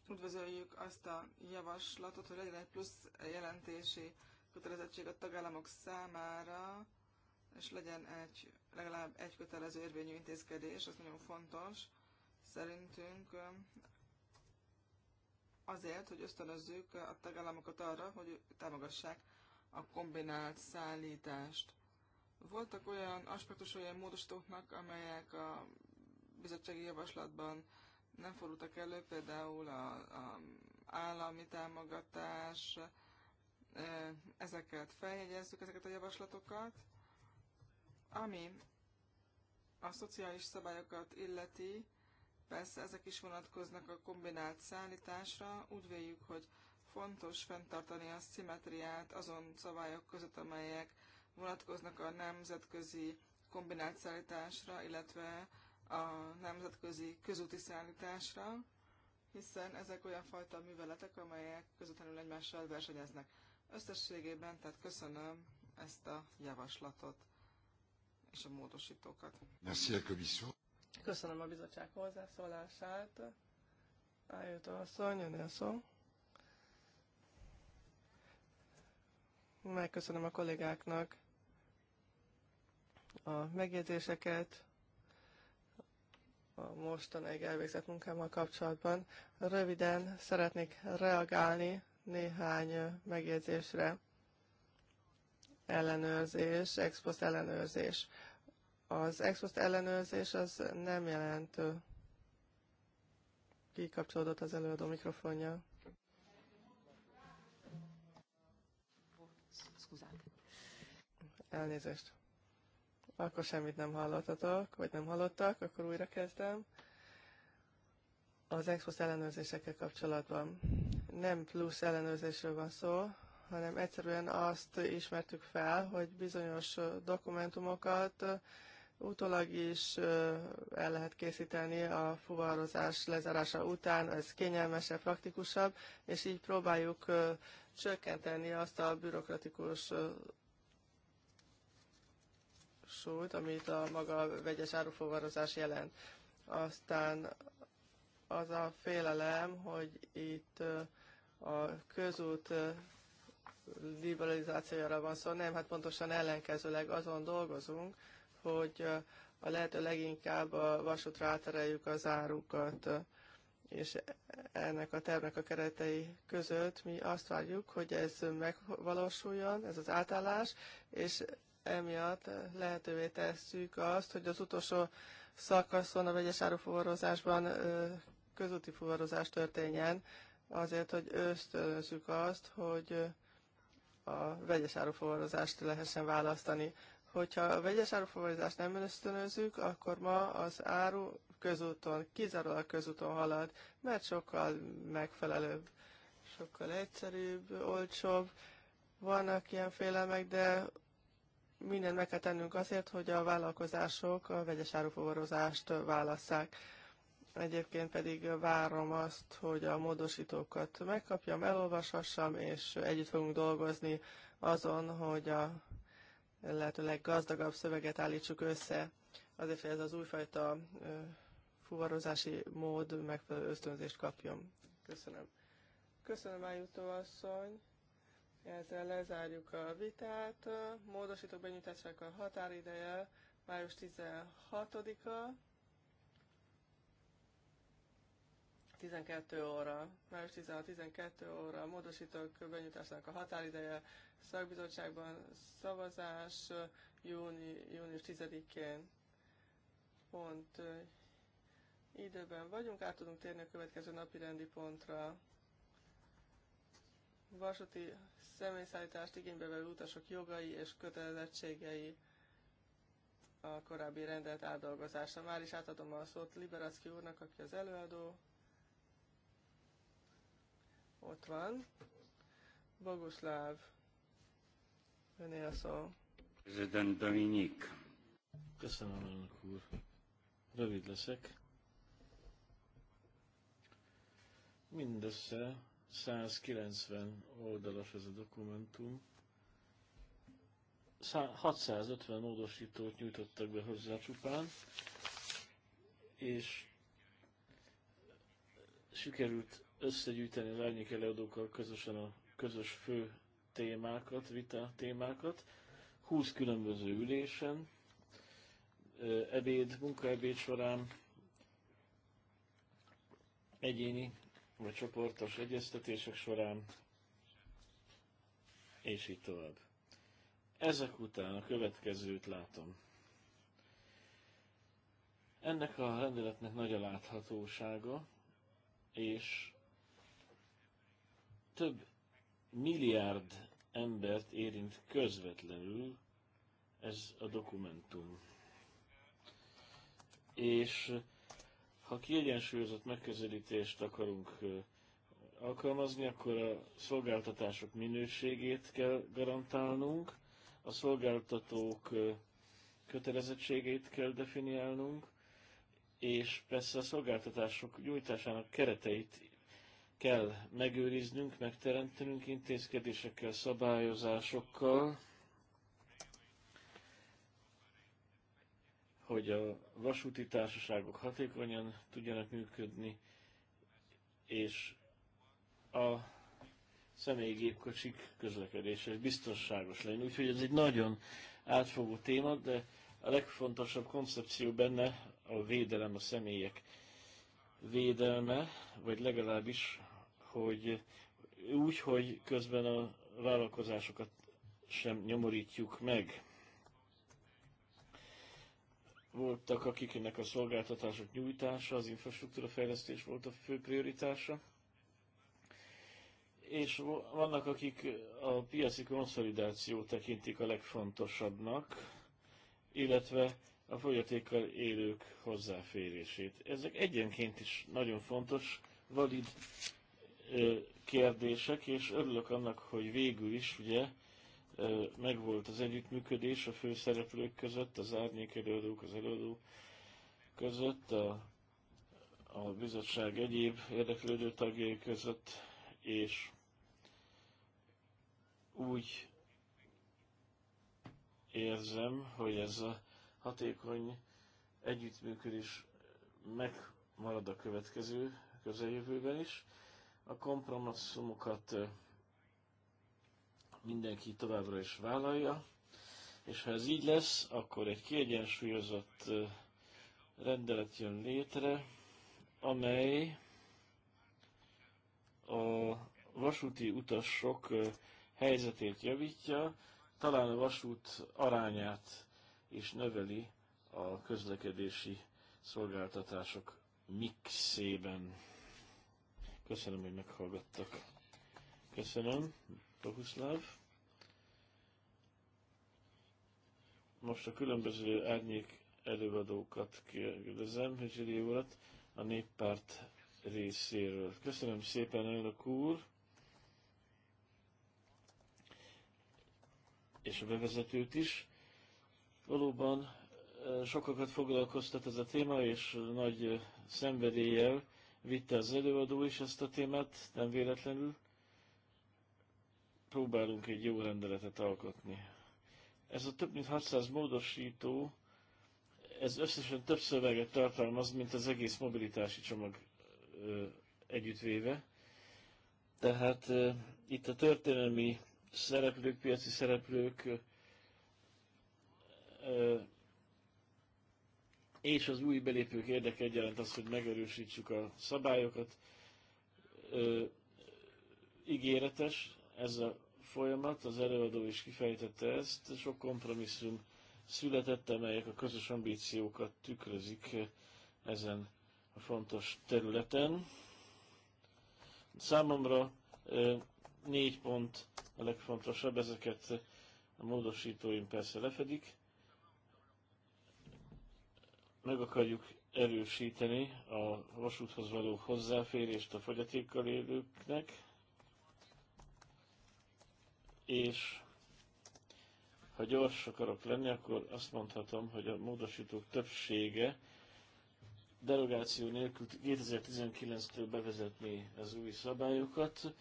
üdvözöljük azt a javaslatot, hogy legyen egy plusz jelentési kötelezettség a tagállamok számára, és legyen egy, legalább egy kötelező érvényű intézkedés, az nagyon fontos szerintünk azért, hogy ösztönözzük a tagállamokat arra, hogy támogassák a kombinált szállítást. Voltak olyan aspektus, olyan módosítóknak, amelyek a bizottsági javaslatban nem fordultak elő, például az állami támogatás, ezeket feljegyezzük, ezeket a javaslatokat. Ami a szociális szabályokat illeti, persze ezek is vonatkoznak a kombinált szállításra, úgy véljük, hogy fontos fenntartani a szimetriát azon szabályok között, amelyek vonatkoznak a nemzetközi kombinált szállításra, illetve a nemzetközi közúti szállításra, hiszen ezek olyan fajta műveletek, amelyek közvetlenül egymással versenyeznek. Összességében, tehát köszönöm ezt a javaslatot és a módosítókat. Köszönöm a bizottság hozzászólását. Eljött a asszony, jön a szó. Megköszönöm a kollégáknak a megjegyzéseket, a mostanáig elvégzett munkámmal kapcsolatban. Röviden szeretnék reagálni néhány megjegyzésre. Ellenőrzés, expost ellenőrzés. Az expost ellenőrzés az nem jelent kikapcsolódott az előadó mikrofonja. Elnézést. Akkor semmit nem hallottatok, vagy nem hallottak, akkor újra kezdem. Az exposz ellenőrzésekkel kapcsolatban nem plusz ellenőrzésről van szó, hanem egyszerűen azt ismertük fel, hogy bizonyos dokumentumokat utólag is el lehet készíteni a fuvarozás lezárása után, ez kényelmesebb, praktikusabb, és így próbáljuk csökkenteni azt a bürokratikus súlyt, amit a maga vegyes árufuvarozás jelent. Aztán az a félelem, hogy itt a közút liberalizációjára van szó, nem, hát pontosan ellenkezőleg azon dolgozunk, hogy a lehető leginkább a vasútra átereljük az árukat, és ennek a tervnek a keretei között mi azt várjuk, hogy ez megvalósuljon, ez az átállás, és emiatt lehetővé tesszük azt, hogy az utolsó szakaszon a vegyes árufuvarozásban közúti fuvarozás történjen, azért, hogy ösztönözzük azt, hogy a vegyes áruforrózást lehessen választani. Hogyha a vegyes áruforrózást nem ösztönözzük, akkor ma az áru közúton, kizárólag közúton halad, mert sokkal megfelelőbb, sokkal egyszerűbb, olcsóbb. Vannak ilyen félelmek, de mindent meg kell tennünk azért, hogy a vállalkozások a vegyes áruforrózást válasszák. Egyébként pedig várom azt, hogy a módosítókat megkapjam, elolvashassam, és együtt fogunk dolgozni azon, hogy a lehető leggazdagabb szöveget állítsuk össze, azért, hogy ez az újfajta fuvarozási mód megfelelő ösztönzést kapjon. Köszönöm. Köszönöm, Ájutó asszony. Ezzel lezárjuk a vitát. Módosítók benyújtásának a határideje május 16-a. 12 óra, május 16-12 óra, módosítók benyújtásának a határideje, szakbizottságban szavazás júni, június 10-én pont időben vagyunk, át tudunk térni a következő napi rendi pontra. Vasúti személyszállítást igénybe vevő utasok jogai és kötelezettségei a korábbi rendelt átdolgozása. Már is átadom a szót Liberacki úrnak, aki az előadó. Ott van. Boguslav. Önél a szó. President Dominik. Köszönöm, elnök úr. Rövid leszek. Mindössze 190 oldalas ez a dokumentum. 650 módosítót nyújtottak be hozzá csupán, és sikerült összegyűjteni az árnyék előadókkal közösen a közös fő témákat, vita témákat. 20 különböző ülésen, ebéd, munkaebéd során, egyéni vagy csoportos egyeztetések során, és így tovább. Ezek után a következőt látom. Ennek a rendeletnek nagy a láthatósága, és több milliárd embert érint közvetlenül ez a dokumentum. És ha kiegyensúlyozott megközelítést akarunk alkalmazni, akkor a szolgáltatások minőségét kell garantálnunk, a szolgáltatók kötelezettségeit kell definiálnunk, és persze a szolgáltatások nyújtásának kereteit kell megőriznünk, megteremtenünk intézkedésekkel, szabályozásokkal, hogy a vasúti társaságok hatékonyan tudjanak működni, és a személygépkocsik közlekedése biztonságos legyen. Úgyhogy ez egy nagyon átfogó téma, de a legfontosabb koncepció benne a védelem, a személyek védelme, vagy legalábbis hogy úgy, hogy közben a vállalkozásokat sem nyomorítjuk meg. Voltak, akiknek a szolgáltatások nyújtása, az infrastruktúra fejlesztés volt a fő prioritása, és vannak, akik a piaci konszolidációt tekintik a legfontosabbnak, illetve a fogyatékkal élők hozzáférését. Ezek egyenként is nagyon fontos, valid kérdések, és örülök annak, hogy végül is ugye megvolt az együttműködés a főszereplők között, az árnyék előadók, az előadó között, a, a bizottság egyéb érdeklődő tagjai között, és úgy érzem, hogy ez a hatékony együttműködés megmarad a következő közeljövőben is. A kompromisszumokat mindenki továbbra is vállalja, és ha ez így lesz, akkor egy kiegyensúlyozott rendelet jön létre, amely a vasúti utasok helyzetét javítja, talán a vasút arányát is növeli a közlekedési szolgáltatások mixében. Köszönöm, hogy meghallgattak. Köszönöm, Bohuszláv. Most a különböző árnyék előadókat kérdezem, Hezsiri urat, a néppárt részéről. Köszönöm szépen, elnök úr, és a bevezetőt is. Valóban eh, sokakat foglalkoztat ez a téma, és nagy eh, szenvedéllyel vitte az előadó is ezt a témát, nem véletlenül. Próbálunk egy jó rendeletet alkotni. Ez a több mint 600 módosító, ez összesen több szöveget tartalmaz, mint az egész mobilitási csomag ö, együttvéve. Tehát ö, itt a történelmi szereplők, piaci szereplők ö, és az új belépők érdeket jelent az, hogy megerősítsük a szabályokat. Ö, ígéretes ez a folyamat, az előadó is kifejtette ezt, sok kompromisszum született, amelyek a közös ambíciókat tükrözik ezen a fontos területen. Számomra négy pont a legfontosabb, ezeket a módosítóim persze lefedik meg akarjuk erősíteni a vasúthoz való hozzáférést a fogyatékkal élőknek, és ha gyors akarok lenni, akkor azt mondhatom, hogy a módosítók többsége derogáció nélkül 2019-től bevezetni az új szabályokat,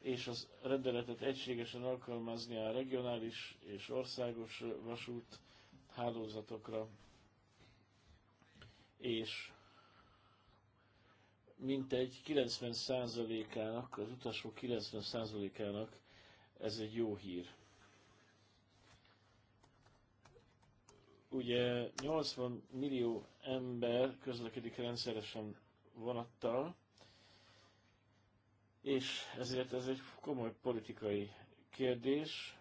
és az rendeletet egységesen alkalmazni a regionális és országos vasút hálózatokra és mintegy 90%-ának, az utasok 90%-ának ez egy jó hír. Ugye 80 millió ember közlekedik rendszeresen vonattal, és ezért ez egy komoly politikai kérdés.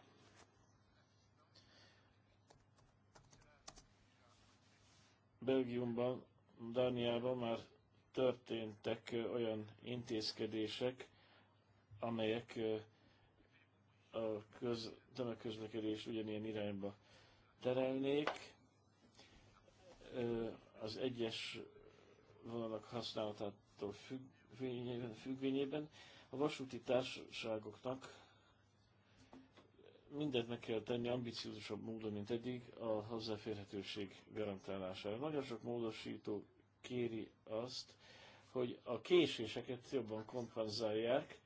Belgiumban, Dániában már történtek olyan intézkedések, amelyek a köz, tömegközlekedés ugyanilyen irányba terelnék. Az egyes vonalak használatától függ, függvényében a vasúti társaságoknak mindent meg kell tenni ambiciózusabb módon, mint eddig a hozzáférhetőség garantálására. Nagyon sok módosító kéri azt, hogy a késéseket jobban kompenzálják.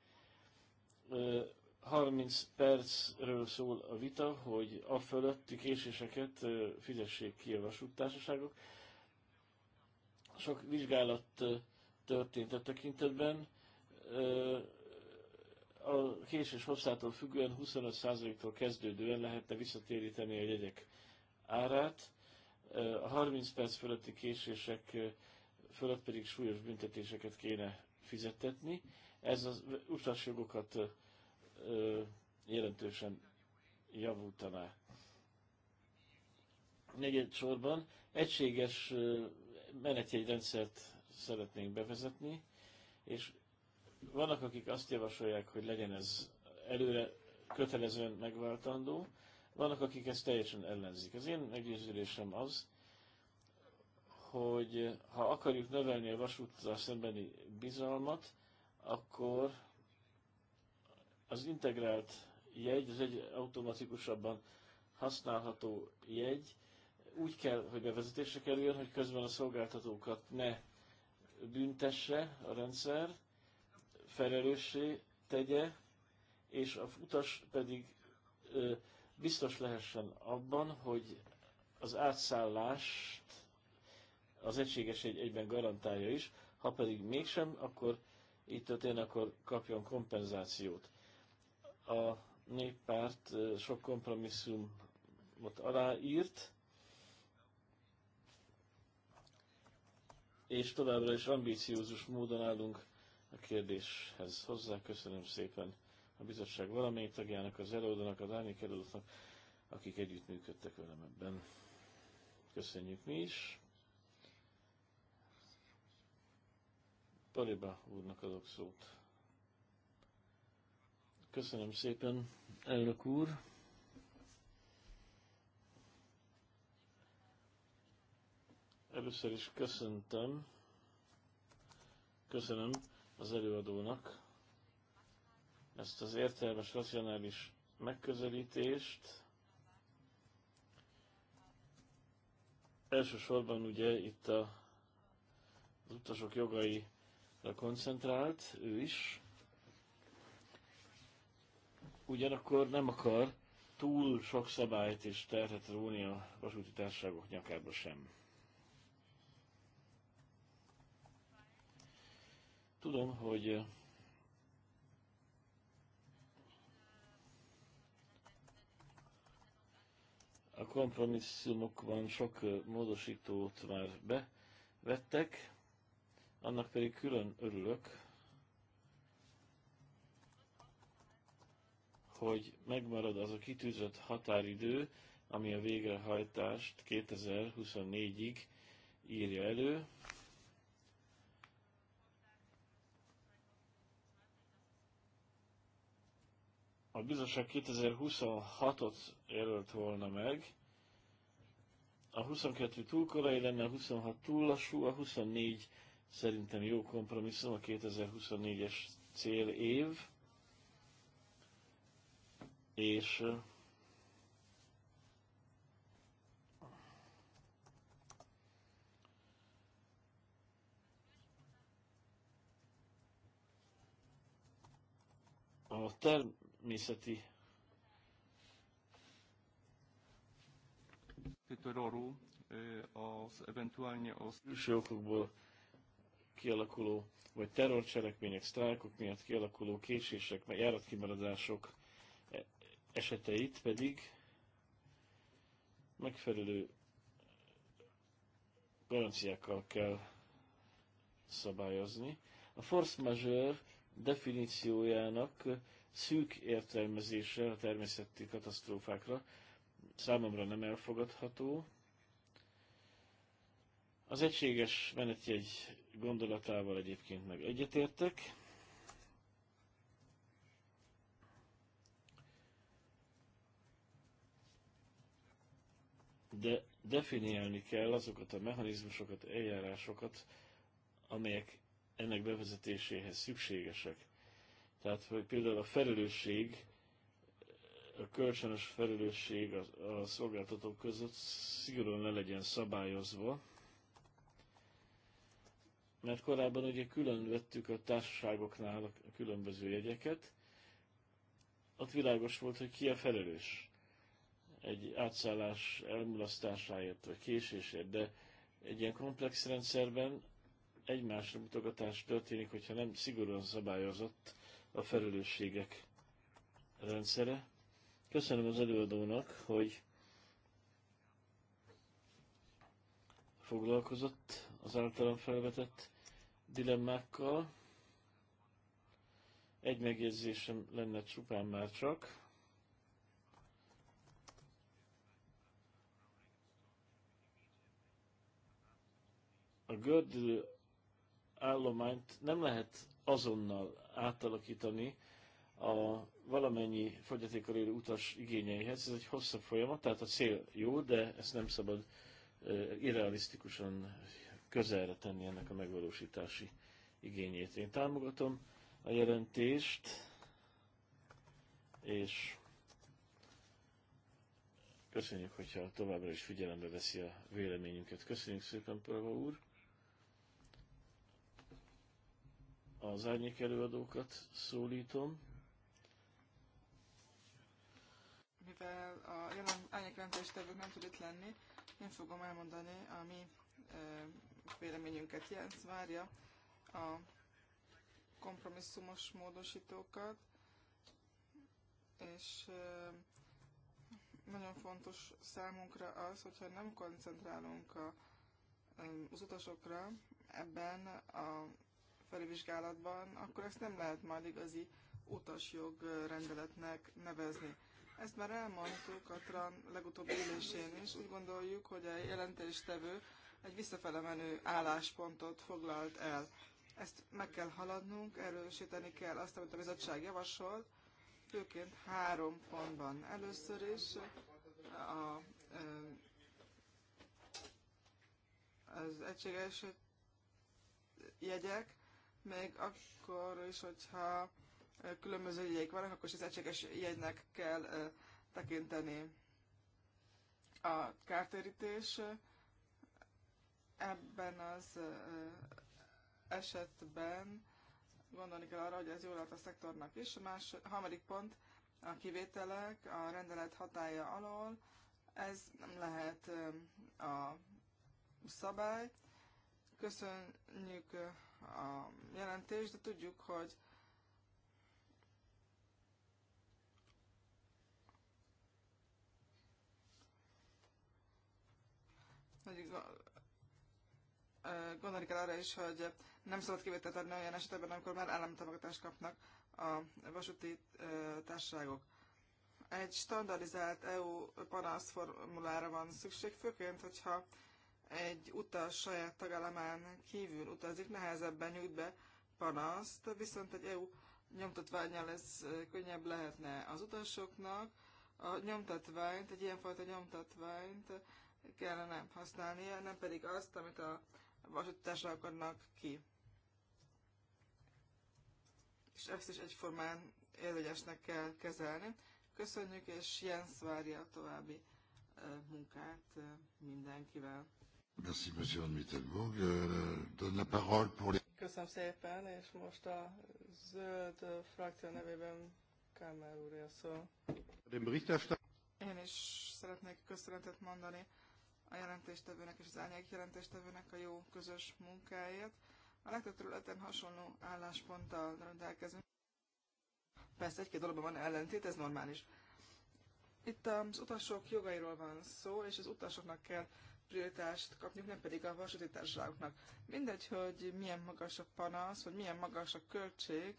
30 percről szól a vita, hogy a fölötti késéseket fizessék ki a vasúttársaságok. Sok vizsgálat történt a e tekintetben a késés hosszától függően 25%-tól kezdődően lehetne visszatéríteni a jegyek árát, a 30 perc fölötti késések fölött pedig súlyos büntetéseket kéne fizetetni. Ez az utasjogokat jelentősen javultaná. Negyed sorban egységes menetjegyrendszert szeretnénk bevezetni, és vannak, akik azt javasolják, hogy legyen ez előre kötelezően megváltandó, vannak, akik ezt teljesen ellenzik. Az én meggyőződésem az, hogy ha akarjuk növelni a vasúttal szembeni bizalmat, akkor az integrált jegy, az egy automatikusabban használható jegy úgy kell, hogy bevezetésre kerüljön, hogy közben a szolgáltatókat ne büntesse a rendszer, felelőssé tegye, és a utas pedig ö, biztos lehessen abban, hogy az átszállást az egységes egy egyben garantálja is, ha pedig mégsem, akkor így történik, akkor kapjon kompenzációt. A néppárt sok kompromisszumot aláírt, és továbbra is ambíciózus módon állunk a kérdéshez hozzá. Köszönöm szépen a bizottság valamelyik tagjának, az előadónak, az árnyék előadóknak, akik együttműködtek velem ebben. Köszönjük mi is. Paliba úrnak adok szót. Köszönöm szépen, elnök úr. Először is köszöntem, köszönöm az előadónak ezt az értelmes, racionális megközelítést. Elsősorban ugye itt a, az utasok jogaira koncentrált, ő is. Ugyanakkor nem akar túl sok szabályt és terhet róni a vasúti társaságok nyakába sem. Tudom, hogy a kompromisszumokban sok módosítót már bevettek, annak pedig külön örülök, hogy megmarad az a kitűzött határidő, ami a végrehajtást 2024-ig írja elő. a bizottság 2026-ot jelölt volna meg, a 22 túl korai lenne, a 26 túl lassú, a 24 szerintem jó kompromisszum, a 2024-es cél év, és a term természeti terroru az eventuálne az külső okokból kialakuló, vagy terrorcselekmények, sztrájkok miatt kialakuló késések, vagy járatkimaradások eseteit pedig megfelelő garanciákkal kell szabályozni. A force majeure definíciójának szűk értelmezésre, a természeti katasztrófákra számomra nem elfogadható. Az egységes menetjegy gondolatával egyébként meg egyetértek. De definiálni kell azokat a mechanizmusokat, eljárásokat, amelyek ennek bevezetéséhez szükségesek. Tehát, hogy például a felelősség, a kölcsönös felelősség a, a szolgáltatók között szigorúan le legyen szabályozva, mert korábban ugye külön vettük a társaságoknál a különböző jegyeket, ott világos volt, hogy ki a felelős egy átszállás elmulasztásáért vagy késésért, de egy ilyen komplex rendszerben egymásra mutogatás történik, hogyha nem szigorúan szabályozott a felelősségek rendszere. Köszönöm az előadónak, hogy foglalkozott az általam felvetett dilemmákkal. Egy megjegyzésem lenne csupán már csak. A gördülő állományt nem lehet azonnal átalakítani a valamennyi fogyatékkal élő utas igényeihez. Ez egy hosszabb folyamat, tehát a cél jó, de ezt nem szabad irrealisztikusan közelre tenni ennek a megvalósítási igényét. Én támogatom a jelentést, és köszönjük, hogyha továbbra is figyelembe veszi a véleményünket. Köszönjük szépen, Prava úr! az árnyék előadókat szólítom. Mivel a jelen árnyék jelentéstevők nem tud itt lenni, én fogom elmondani a mi e, véleményünket. Jens várja a kompromisszumos módosítókat, és e, nagyon fontos számunkra az, hogyha nem koncentrálunk a, az utasokra, ebben a felvizsgálatban, akkor ezt nem lehet majd igazi utasjog rendeletnek nevezni. Ezt már elmondtuk a TRAN legutóbbi ülésén is. Úgy gondoljuk, hogy a jelentéstevő egy visszafelemenő menő álláspontot foglalt el. Ezt meg kell haladnunk, erősíteni kell azt, amit a bizottság javasol. főként három pontban. Először is a, az egységes jegyek, még akkor is, hogyha különböző jegyek vannak, akkor is az egységes jegynek kell tekinteni a kártérítés. Ebben az esetben gondolni kell arra, hogy ez jó lehet a szektornak is. A más, harmadik pont a kivételek a rendelet hatája alól. Ez nem lehet a szabály. Köszönjük a jelentés, de tudjuk, hogy hogy gondolni kell arra is, hogy nem szabad kivételt adni olyan esetben, amikor már állami támogatást kapnak a vasúti társaságok. Egy standardizált EU panaszformulára van szükség, főként, hogyha egy utas saját tagállamán kívül utazik, nehezebben nyújt be panaszt, viszont egy EU nyomtatványjal ez könnyebb lehetne az utasoknak. A nyomtatványt, egy ilyenfajta nyomtatványt kellene használnia, nem pedig azt, amit a vasutásra akarnak ki. És ezt is egyformán érvényesnek kell kezelni. Köszönjük, és Jens várja a további munkát mindenkivel. Merci, Monsieur Mittelburg. Euh, donne la parole pour les... Köszönöm szépen, és most a zöld frakció nevében Kámer úr szó. Én is szeretnék köszönetet mondani a jelentéstevőnek és az árnyék jelentéstevőnek a jó közös munkáért. A legtöbb területen hasonló állásponttal rendelkezünk. Persze egy-két dologban van ellentét, ez normális. Itt az utasok jogairól van szó, és az utasoknak kell prioritást kapni, nem pedig a vasúti társaságoknak. Mindegy, hogy milyen magas a panasz, vagy milyen magas a költség,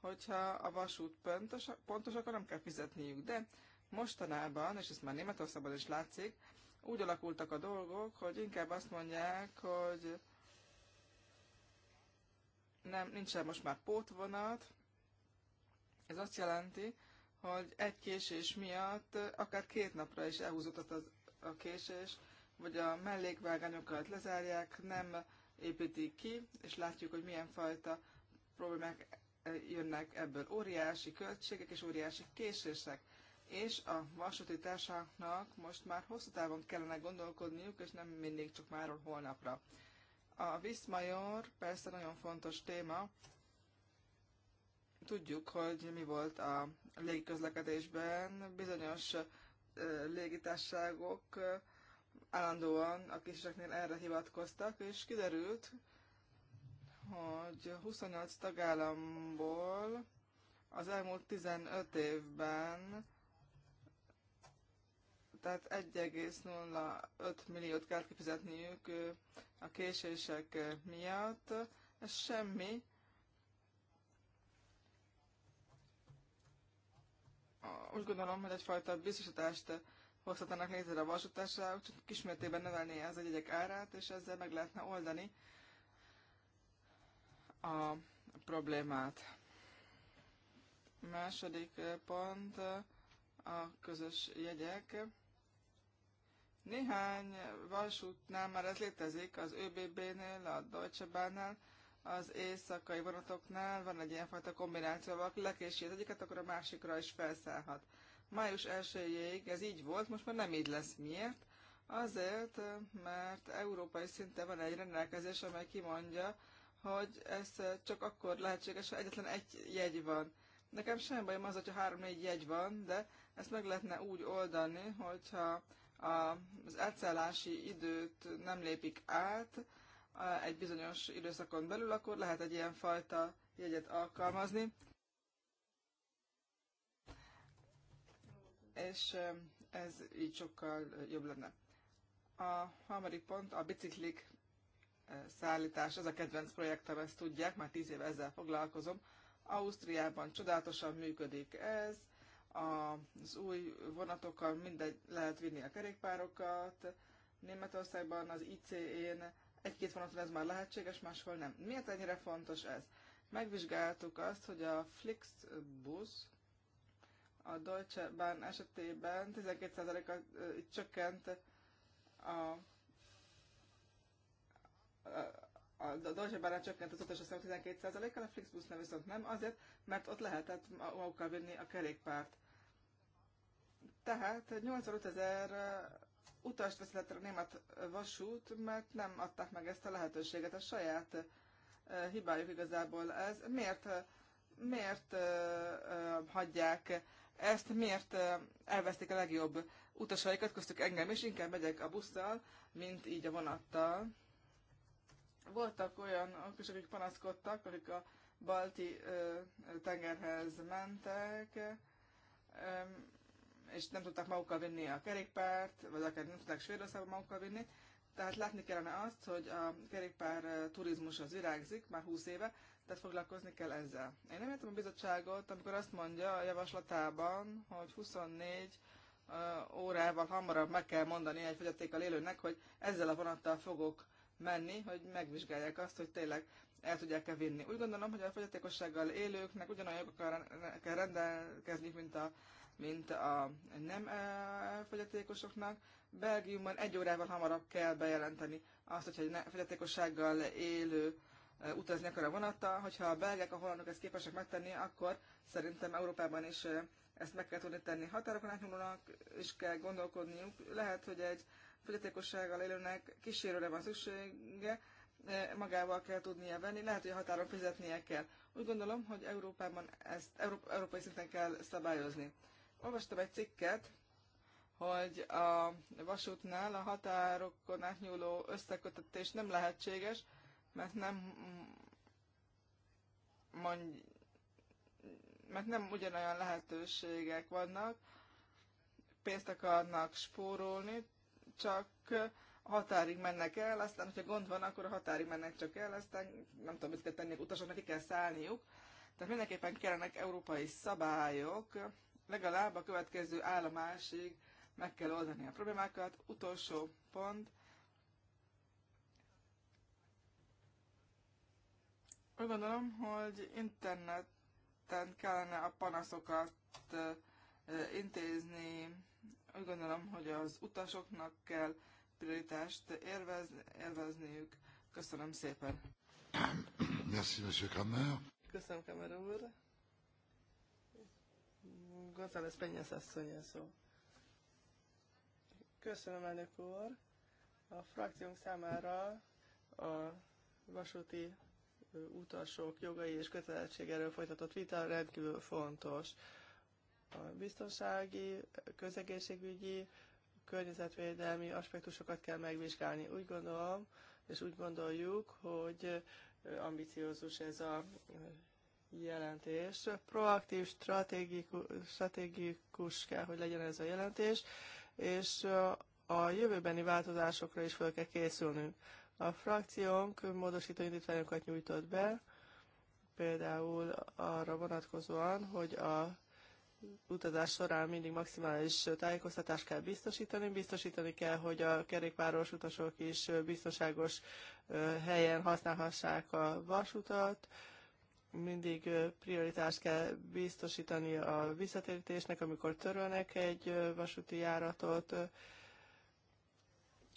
hogyha a vasút pontos, pontos akkor nem kell fizetniük. De mostanában, és ezt már Németországban is látszik, úgy alakultak a dolgok, hogy inkább azt mondják, hogy nem, nincsen most már pótvonat. Ez azt jelenti, hogy egy késés miatt akár két napra is elhúzódott az, a késés, vagy a mellékvágányokat lezárják, nem építik ki, és látjuk, hogy milyen fajta problémák e, jönnek ebből. Óriási költségek és óriási késések. És a vasúti társaságnak most már hosszú távon kellene gondolkodniuk, és nem mindig csak máról holnapra. A Viszmajor persze nagyon fontos téma. Tudjuk, hogy mi volt a légiközlekedésben. Bizonyos e, légitárságok e, állandóan a késéseknél erre hivatkoztak, és kiderült, hogy 28 tagállamból az elmúlt 15 évben tehát 1,05 milliót kell kifizetniük a késések miatt. Ez semmi. Úgy gondolom, hogy egyfajta biztosítást hozhatnának létre a vasutásra, csak kismértében növelné az egyegyek árát, és ezzel meg lehetne oldani a problémát. Második eh, pont eh, a közös jegyek. Néhány vasútnál már ez létezik, az ÖBB-nél, a Deutsche Bahn-nál, az éjszakai vonatoknál van egy ilyenfajta kombináció, valaki lekésít egyiket, akkor a másikra is felszállhat május 1-ig ez így volt, most már nem így lesz. Miért? Azért, mert európai szinten van egy rendelkezés, amely kimondja, hogy ez csak akkor lehetséges, ha egyetlen egy jegy van. Nekem sem bajom az, hogyha három-négy jegy van, de ezt meg lehetne úgy oldani, hogyha az elszállási időt nem lépik át egy bizonyos időszakon belül, akkor lehet egy ilyen fajta jegyet alkalmazni. és ez így sokkal jobb lenne. A harmadik pont a biciklik szállítás, ez a kedvenc projektem, ezt tudják, már tíz éve ezzel foglalkozom. Ausztriában csodálatosan működik ez, az új vonatokkal mindegy lehet vinni a kerékpárokat, Németországban az ICE-n egy-két vonaton ez már lehetséges, máshol nem. Miért ennyire fontos ez? Megvizsgáltuk azt, hogy a Flixbus a Deutsche Bahn esetében 12%-a csökkent a, a a Deutsche Bahn csökkent az utolsó szám 12%-kal, a nem viszont nem, azért, mert ott lehetett magukkal vinni a kerékpárt. Tehát 85 ezer utast veszített a német vasút, mert nem adták meg ezt a lehetőséget. A saját hibájuk igazából ez. Miért, miért hagyják ezt miért elvesztik a legjobb utasaikat, köztük engem is, inkább megyek a busszal, mint így a vonattal. Voltak olyan is, akik panaszkodtak, akik a balti ö, tengerhez mentek, ö, és nem tudtak magukkal vinni a kerékpárt, vagy akár nem tudták Svédországba magukkal vinni. Tehát látni kellene azt, hogy a kerékpár turizmus az virágzik már 20 éve, tehát foglalkozni kell ezzel. Én nem értem a bizottságot, amikor azt mondja a javaslatában, hogy 24 órával hamarabb meg kell mondani egy fogyatékkal élőnek, hogy ezzel a vonattal fogok menni, hogy megvizsgálják azt, hogy tényleg el tudják-e vinni. Úgy gondolom, hogy a fogyatékossággal élőknek ugyanolyan jogokkal kell rendelkezni, mint a, mint a nem e, fogyatékosoknak. Belgiumban egy órával hamarabb kell bejelenteni azt, hogyha egy fogyatékossággal élő utazni akar a vonattal. Hogyha a belgek, a hollandok ezt képesek megtenni, akkor szerintem Európában is eh, ezt meg kell tudni tenni. Határokon átnyúlnak, is kell gondolkodniuk. Lehet, hogy egy fogyatékossággal élőnek kísérőre van szüksége, eh, magával kell tudnia venni, lehet, hogy a határon fizetnie kell. Úgy gondolom, hogy Európában ezt Európa, európai szinten kell szabályozni. Olvastam egy cikket, hogy a vasútnál a határokon átnyúló összekötetés nem lehetséges, mert nem mondj, mert nem ugyanolyan lehetőségek vannak, pénzt akarnak spórolni, csak a határig mennek el, aztán, hogyha gond van, akkor a határig mennek csak el, aztán nem tudom, mit kell tenni, utasoknak ki kell szállniuk. Tehát mindenképpen kellenek európai szabályok, legalább a következő állomásig meg kell oldani a problémákat. Utolsó pont, Úgy gondolom, hogy interneten kellene a panaszokat intézni. Úgy gondolom, hogy az utasoknak kell prioritást élvez, élvezniük. Köszönöm szépen. Merci, Monsieur Kramer. Köszönöm, Kramer úr. González Penyes asszony szó. Köszönöm, elnök úr. A frakciónk számára a vasúti utasok jogai és kötelezettségéről folytatott vita rendkívül fontos. A biztonsági, közegészségügyi, környezetvédelmi aspektusokat kell megvizsgálni. Úgy gondolom, és úgy gondoljuk, hogy ambiciózus ez a jelentés. Proaktív, stratégikus, stratégikus kell, hogy legyen ez a jelentés, és a jövőbeni változásokra is fel kell készülnünk. A frakciónk módosító indítványokat nyújtott be, például arra vonatkozóan, hogy a utazás során mindig maximális tájékoztatást kell biztosítani. Biztosítani kell, hogy a kerékpáros utasok is biztonságos helyen használhassák a vasutat. Mindig prioritást kell biztosítani a visszatérítésnek, amikor törölnek egy vasúti járatot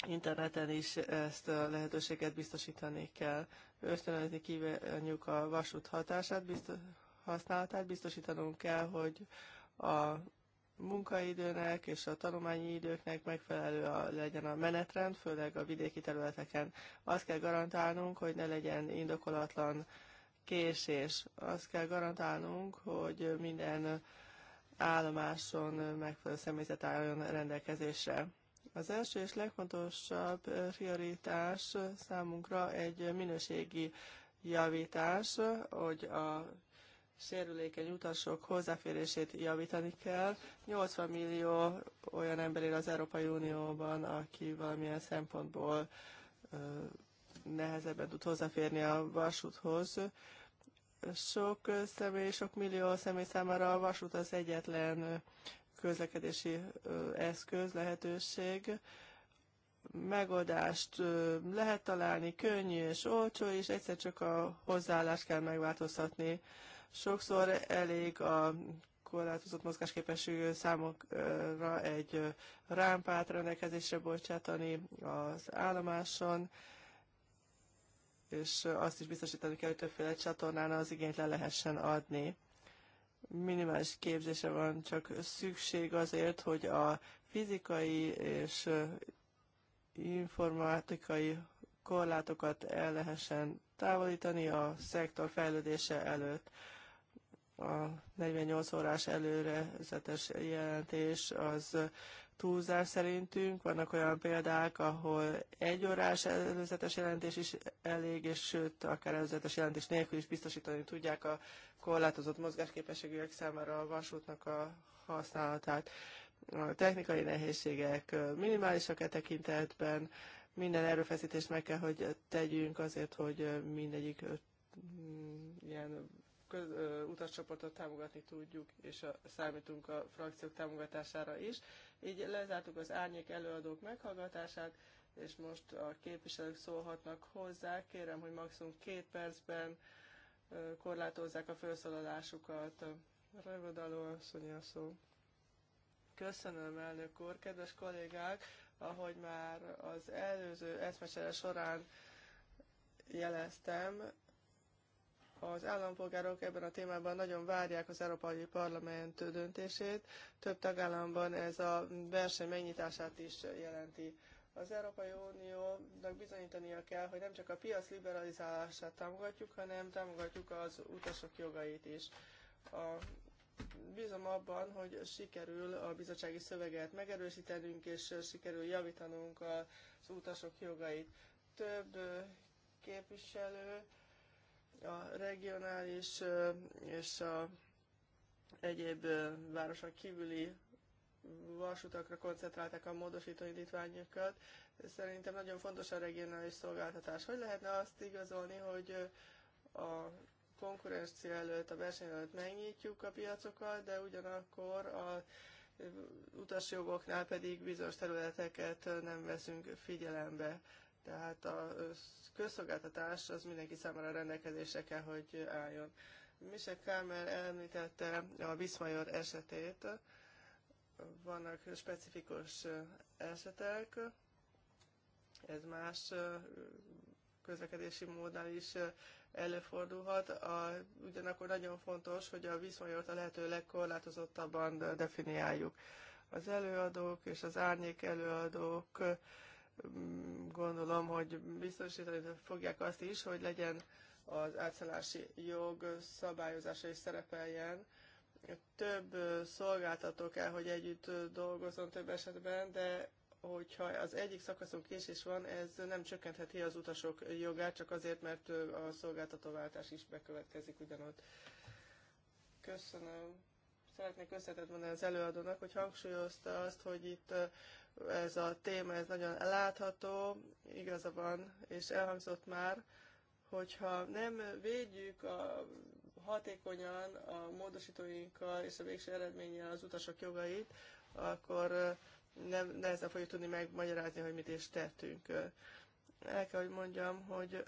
interneten is ezt a lehetőséget biztosítani kell. Ösztönözni kívánjuk a vasút hatását, biztos, használatát, biztosítanunk kell, hogy a munkaidőnek és a tanulmányi időknek megfelelő a, legyen a menetrend, főleg a vidéki területeken. Azt kell garantálnunk, hogy ne legyen indokolatlan késés. Azt kell garantálnunk, hogy minden állomáson megfelelő személyzet álljon rendelkezésre. Az első és legfontosabb prioritás számunkra egy minőségi javítás, hogy a sérülékeny utasok hozzáférését javítani kell. 80 millió olyan ember él az Európai Unióban, aki valamilyen szempontból nehezebben tud hozzáférni a vasúthoz. Sok személy, sok millió személy számára a vasút az egyetlen közlekedési eszköz, lehetőség. Megoldást lehet találni, könnyű és olcsó, és egyszer csak a hozzáállást kell megváltoztatni. Sokszor elég a korlátozott mozgásképességű számokra egy rámpát rendelkezésre bocsátani az állomáson, és azt is biztosítani kell, hogy többféle csatornán az igényt le lehessen adni minimális képzése van csak szükség azért, hogy a fizikai és informatikai korlátokat el lehessen távolítani a szektor fejlődése előtt. A 48 órás előrezetes jelentés az túlzás szerintünk. Vannak olyan példák, ahol egy órás előzetes jelentés is elég, és sőt, akár előzetes jelentés nélkül is biztosítani tudják a korlátozott mozgásképességűek számára a vasútnak a használatát. A technikai nehézségek minimálisak e tekintetben, minden erőfeszítést meg kell, hogy tegyünk azért, hogy mindegyik mm, ilyen utascsoportot támogatni tudjuk, és a, számítunk a frakciók támogatására is. Így lezártuk az árnyék előadók meghallgatását, és most a képviselők szólhatnak hozzá. Kérem, hogy maximum két percben korlátozzák a felszólalásukat. Rövidaló asszony a szó. Köszönöm, elnök úr. Kedves kollégák, ahogy már az előző eszmesere során jeleztem, az állampolgárok ebben a témában nagyon várják az Európai Parlament döntését. Több tagállamban ez a verseny megnyitását is jelenti. Az Európai Uniónak bizonyítania kell, hogy nem csak a piac liberalizálását támogatjuk, hanem támogatjuk az utasok jogait is. A bízom abban, hogy sikerül a bizottsági szöveget megerősítenünk, és sikerül javítanunk az utasok jogait. Több képviselő a regionális és a egyéb városok kívüli vasutakra koncentrálták a módosító indítványokat. Szerintem nagyon fontos a regionális szolgáltatás. Hogy lehetne azt igazolni, hogy a konkurencia előtt, a verseny előtt megnyitjuk a piacokat, de ugyanakkor a utasjogoknál pedig bizonyos területeket nem veszünk figyelembe. Tehát a közszolgáltatás az mindenki számára rendelkezésre kell, hogy álljon. Mise Kámer említette a Viszmajor esetét. Vannak specifikus esetek, ez más közlekedési módnál is előfordulhat. A, ugyanakkor nagyon fontos, hogy a viszmajort a lehető legkorlátozottabban definiáljuk. Az előadók és az árnyék előadók gondolom, hogy biztosítani fogják azt is, hogy legyen az átszállási jog szabályozása is szerepeljen. Több szolgáltató kell, hogy együtt dolgozzon több esetben, de hogyha az egyik szakaszon késés van, ez nem csökkentheti az utasok jogát, csak azért, mert a szolgáltatóváltás is bekövetkezik ugyanott. Köszönöm. Szeretnék összetett mondani az előadónak, hogy hangsúlyozta azt, hogy itt ez a téma ez nagyon látható, igaza van, és elhangzott már, hogyha nem védjük a hatékonyan a módosítóinkkal és a végső eredménnyel az utasok jogait, akkor nem, nehezen fogjuk tudni megmagyarázni, hogy mit is tettünk. El kell, hogy mondjam, hogy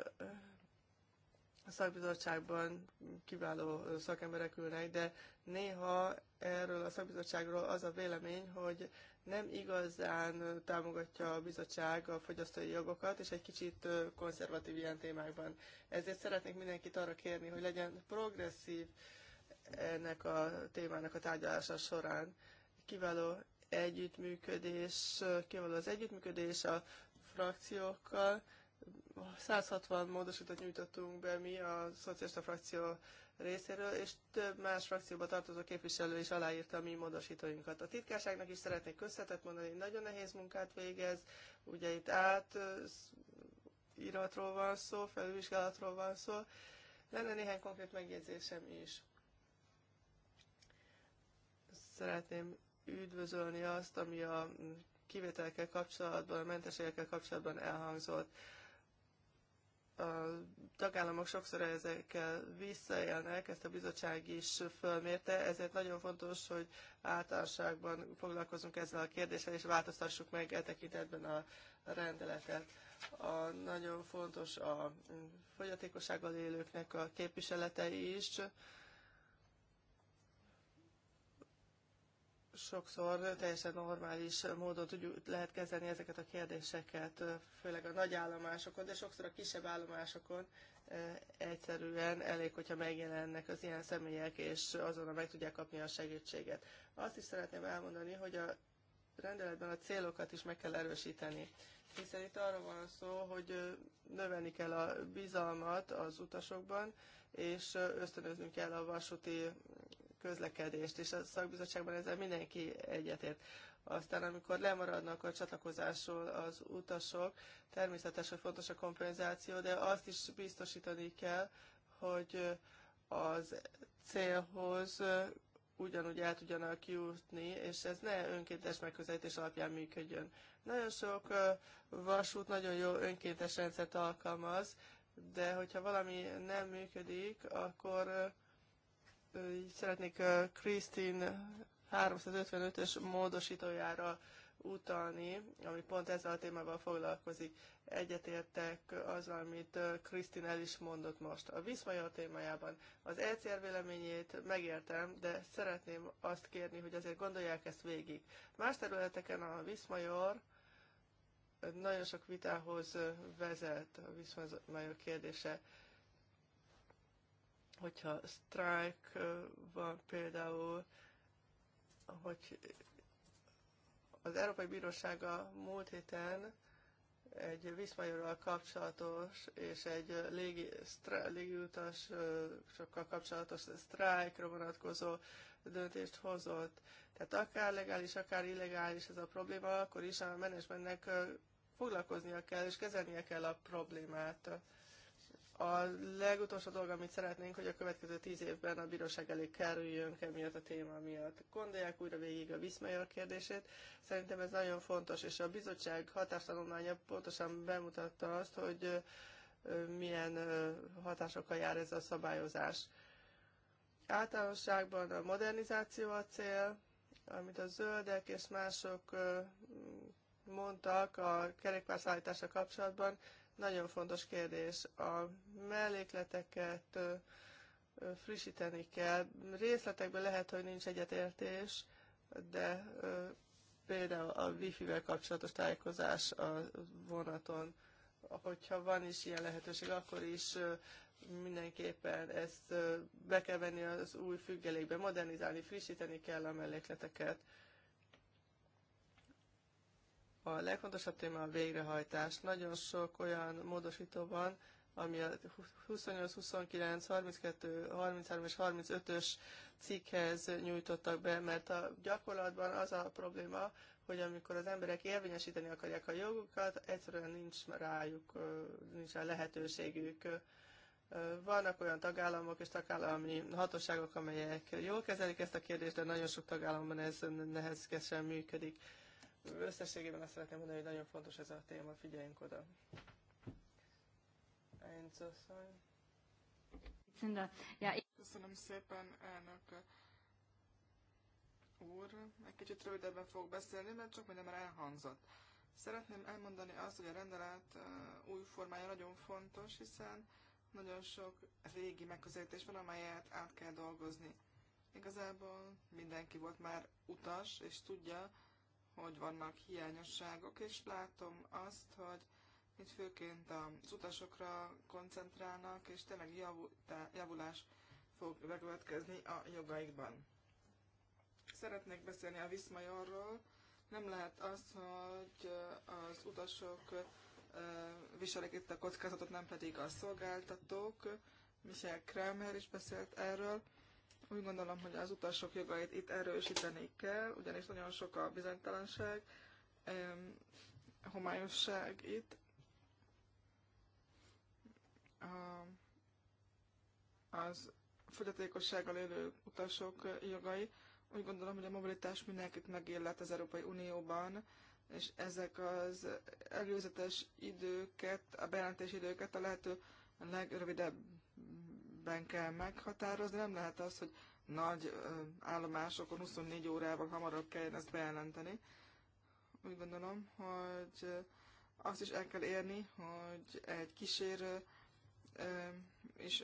a szakbizottságban kiváló szakemberek ülnek, de néha erről a szakbizottságról az a vélemény, hogy nem igazán támogatja a bizottság a fogyasztói jogokat, és egy kicsit konzervatív ilyen témákban. Ezért szeretnék mindenkit arra kérni, hogy legyen progresszív ennek a témának a tárgyalása során. Kiváló együttműködés, kiváló az együttműködés a frakciókkal, 160 módosítót nyújtottunk be mi a szocialista frakció részéről, és több más frakcióba tartozó képviselő is aláírta a mi módosítóinkat. A titkárságnak is szeretnék köszönetet mondani, nagyon nehéz munkát végez, ugye itt át íratról van szó, felülvizsgálatról van szó. Lenne néhány konkrét megjegyzésem is. Szeretném üdvözölni azt, ami a kivételekkel kapcsolatban, a mentességekkel kapcsolatban elhangzott tagállamok sokszor ezekkel visszaélnek, ezt a bizottság is fölmérte, ezért nagyon fontos, hogy általánosságban foglalkozunk ezzel a kérdéssel, és változtassuk meg e tekintetben a rendeletet. A, nagyon fontos a fogyatékossággal élőknek a képviselete is, sokszor teljesen normális módon tudjuk, lehet kezelni ezeket a kérdéseket, főleg a nagy állomásokon, de sokszor a kisebb állomásokon eh, egyszerűen elég, hogyha megjelennek az ilyen személyek, és azonnal meg tudják kapni a segítséget. Azt is szeretném elmondani, hogy a rendeletben a célokat is meg kell erősíteni, hiszen itt arra van szó, hogy eh, növelni kell a bizalmat az utasokban, és eh, ösztönöznünk kell a vasúti közlekedést, és a szakbizottságban ezzel mindenki egyetért. Aztán, amikor lemaradnak a csatlakozásról az utasok, természetesen fontos a kompenzáció, de azt is biztosítani kell, hogy az célhoz ugyanúgy el tudjanak jutni, és ez ne önkéntes megközelítés alapján működjön. Nagyon sok vasút nagyon jó önkéntes rendszert alkalmaz, de hogyha valami nem működik, akkor szeretnék Krisztin 355-ös módosítójára utalni, ami pont ezzel a témával foglalkozik. Egyetértek azzal, amit Krisztin el is mondott most. A vízmajor témájában az ECR véleményét megértem, de szeretném azt kérni, hogy azért gondolják ezt végig. Más területeken a vízmajor nagyon sok vitához vezet a vízmajor kérdése hogyha strike van például, hogy az Európai Bírósága múlt héten egy Viszmajorral kapcsolatos és egy légi, sztrá, légiutasokkal kapcsolatos sztrájkra vonatkozó döntést hozott. Tehát akár legális, akár illegális ez a probléma, akkor is a menedzsmentnek foglalkoznia kell és kezelnie kell a problémát. A legutolsó dolog, amit szeretnénk, hogy a következő tíz évben a bíróság elé kerüljön emiatt a téma miatt. Gondolják újra végig a Viszmajor kérdését. Szerintem ez nagyon fontos, és a bizottság hatástanulmánya pontosan bemutatta azt, hogy milyen hatásokkal jár ez a szabályozás. Általánosságban a modernizáció a cél, amit a zöldek és mások mondtak a kerékpárszállítása kapcsolatban, nagyon fontos kérdés. A mellékleteket frissíteni kell. Részletekben lehet, hogy nincs egyetértés, de például a wifi-vel kapcsolatos tájékozás a vonaton, hogyha van is ilyen lehetőség, akkor is mindenképpen ezt be kell venni az új függelékbe, modernizálni, frissíteni kell a mellékleteket. A legfontosabb téma a végrehajtás. Nagyon sok olyan módosító van, ami a 28, 29, 32, 33 és 35-ös cikkhez nyújtottak be, mert a gyakorlatban az a probléma, hogy amikor az emberek érvényesíteni akarják a jogukat, egyszerűen nincs rájuk, nincs rá lehetőségük. Vannak olyan tagállamok és tagállami hatóságok, amelyek jól kezelik ezt a kérdést, de nagyon sok tagállamban ez nehezkesen működik összességében azt szeretném mondani, hogy nagyon fontos ez a téma, figyeljünk oda. Einz asszony. Köszönöm szépen, elnök úr. Egy kicsit rövidebben fogok beszélni, mert csak minden már elhangzott. Szeretném elmondani azt, hogy a rendelet uh, új formája nagyon fontos, hiszen nagyon sok régi megközelítés van, amelyet át kell dolgozni. Igazából mindenki volt már utas, és tudja, hogy vannak hiányosságok, és látom azt, hogy itt főként az utasokra koncentrálnak, és tényleg javulás fog bekövetkezni a jogaikban. Szeretnék beszélni a Viszmajorról. Nem lehet az, hogy az utasok viselik itt a kockázatot, nem pedig a szolgáltatók. Michel Kramer is beszélt erről. Úgy gondolom, hogy az utasok jogait itt erősíteni kell, ugyanis nagyon sok a bizonytalanság, homályosság itt. Az fogyatékossággal élő utasok jogai. Úgy gondolom, hogy a mobilitás mindenkit megillet az Európai Unióban, és ezek az előzetes időket, a bejelentési időket a lehető legrövidebb ben kell meghatározni. Nem lehet az, hogy nagy állomásokon 24 órával hamarabb kelljen ezt bejelenteni. Úgy gondolom, hogy azt is el kell érni, hogy egy kísérő is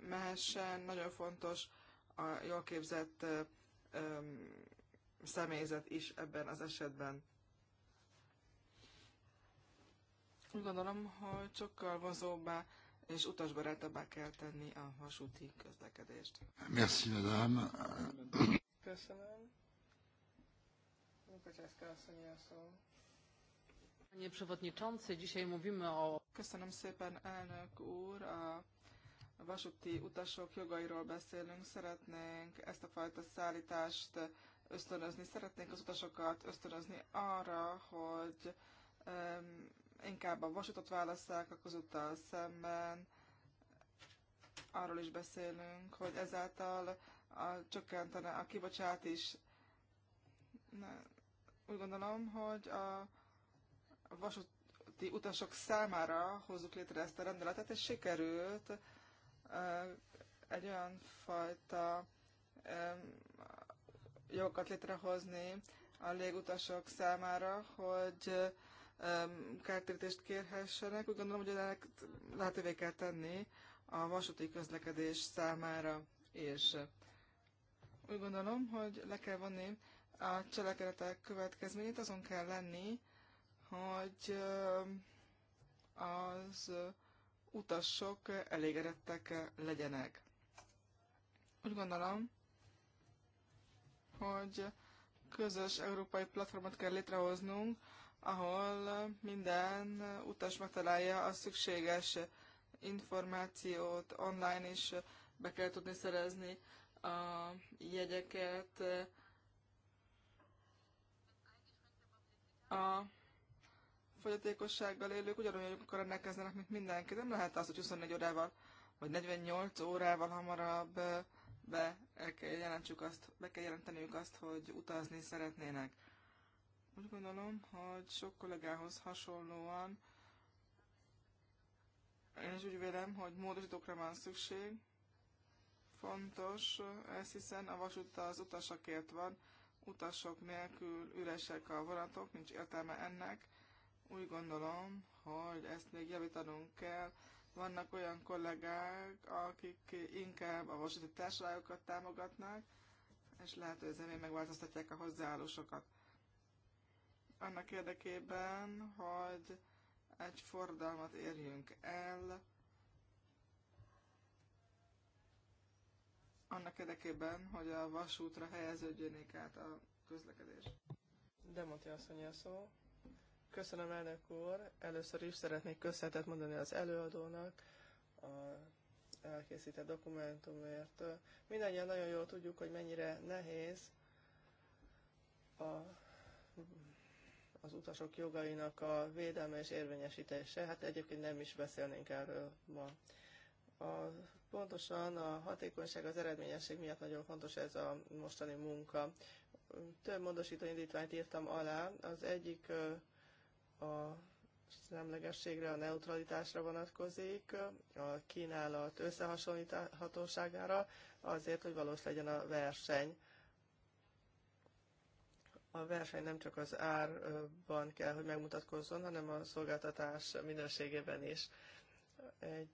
mehessen. Nagyon fontos a jól képzett személyzet is ebben az esetben. Úgy gondolom, hogy sokkal vonzóbbá és utasbarátabbá kell tenni a vasúti közlekedést. Merci, madame. Köszönöm. Lukacsászka asszony a szó. Panie Przewodniczący, dzisiaj mówimy o... Köszönöm szépen, elnök úr. A vasúti utasok jogairól beszélünk. Szeretnénk ezt a fajta szállítást ösztönözni. Szeretnénk az utasokat ösztönözni arra, hogy um, inkább a vasutat válasszák a közúttal szemben. Arról is beszélünk, hogy ezáltal a, csökkentene a kibocsát is. Ne, úgy gondolom, hogy a vasúti utasok számára hozzuk létre ezt a rendeletet, és sikerült egy olyan fajta jogokat létrehozni a légutasok számára, hogy Um, kártérítést kérhessenek. Úgy gondolom, hogy ennek lehetővé kell tenni a vasúti közlekedés számára és Úgy gondolom, hogy le kell vonni a cselekedetek következményét, azon kell lenni, hogy um, az utasok elégedettek legyenek. Úgy gondolom, hogy közös európai platformot kell létrehoznunk ahol minden utas megtalálja a szükséges információt, online is be kell tudni szerezni a jegyeket, a fogyatékossággal élők ugyanolyan jogokkal rendelkeznek, mint mindenki. Nem lehet az, hogy 24 órával vagy 48 órával hamarabb be kell jelentsük azt, be kell jelenteniük azt, hogy utazni szeretnének. Úgy gondolom, hogy sok kollégához hasonlóan én is úgy vélem, hogy módosítókra van szükség. Fontos ezt hiszen a vasúta az utasakért van, utasok nélkül üresek a vonatok, nincs értelme ennek. Úgy gondolom, hogy ezt még javítanunk kell. Vannak olyan kollégák, akik inkább a vasúti társadalmakat támogatnak, és lehet, hogy ezzel még megváltoztatják a hozzáállósokat annak érdekében, hogy egy fordalmat érjünk el, annak érdekében, hogy a vasútra helyeződjénék át a közlekedés. Demonti asszony a szó. Köszönöm elnök úr. Először is szeretnék köszönetet mondani az előadónak a elkészített dokumentumért. Mindannyian nagyon jól tudjuk, hogy mennyire nehéz a az utasok jogainak a védelme és érvényesítése. Hát egyébként nem is beszélnénk erről ma. A, pontosan a hatékonyság, az eredményesség miatt nagyon fontos ez a mostani munka. Több módosító indítványt írtam alá. Az egyik a szemlegességre, a neutralitásra vonatkozik, a kínálat összehasonlíthatóságára, azért, hogy valós legyen a verseny. A verseny nem csak az árban kell, hogy megmutatkozzon, hanem a szolgáltatás minőségében is. Egy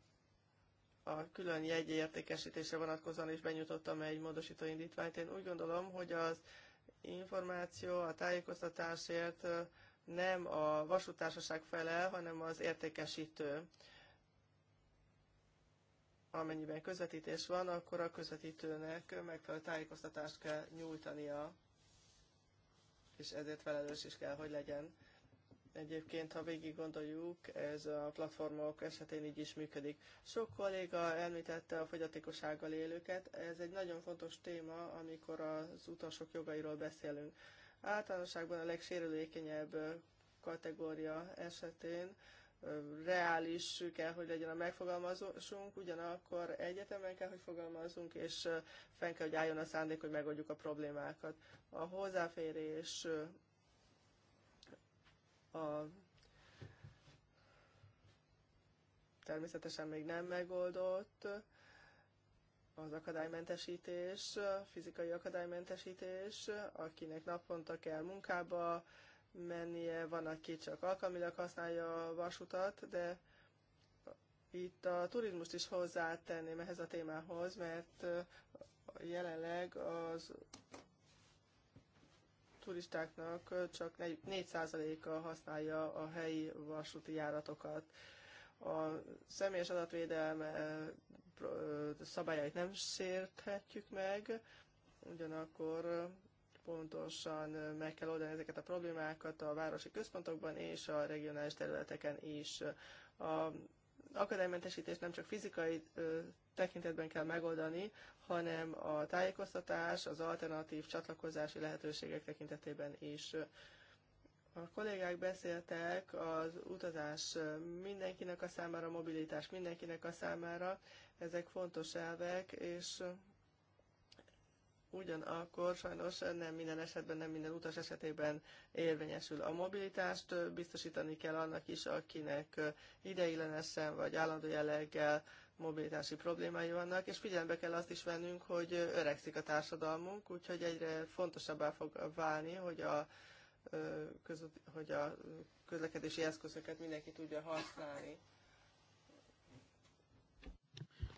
a külön jegy értékesítésre vonatkozóan is benyújtottam egy módosító indítványt. Én úgy gondolom, hogy az információ, a tájékoztatásért nem a vasútársaság felel, hanem az értékesítő. Amennyiben közvetítés van, akkor a közvetítőnek megfelelő tájékoztatást kell nyújtania és ezért felelős is kell, hogy legyen. Egyébként, ha végig gondoljuk, ez a platformok esetén így is működik. Sok kolléga említette a fogyatékossággal élőket. Ez egy nagyon fontos téma, amikor az utasok jogairól beszélünk. Általánosságban a legsérülékenyebb kategória esetén reális kell, hogy legyen a megfogalmazásunk, ugyanakkor egyetemen kell, hogy fogalmazunk, és fenn kell, hogy álljon a szándék, hogy megoldjuk a problémákat. A hozzáférés a természetesen még nem megoldott, az akadálymentesítés, fizikai akadálymentesítés, akinek naponta kell munkába, mennie, van, aki csak alkalmilag használja a vasutat, de itt a turizmust is hozzátenném ehhez a témához, mert jelenleg az turistáknak csak 4%-a használja a helyi vasúti járatokat. A személyes adatvédelme szabályait nem sérthetjük meg, ugyanakkor pontosan meg kell oldani ezeket a problémákat a városi központokban és a regionális területeken is. A akadálymentesítés nem csak fizikai tekintetben kell megoldani, hanem a tájékoztatás, az alternatív csatlakozási lehetőségek tekintetében is. A kollégák beszéltek az utazás mindenkinek a számára, a mobilitás mindenkinek a számára, ezek fontos elvek, és ugyanakkor sajnos nem minden esetben, nem minden utas esetében érvényesül. A mobilitást biztosítani kell annak is, akinek ideiglenesen vagy állandó jelleggel mobilitási problémái vannak, és figyelembe kell azt is vennünk, hogy öregszik a társadalmunk, úgyhogy egyre fontosabbá fog válni, hogy a, között, hogy a közlekedési eszközöket mindenki tudja használni.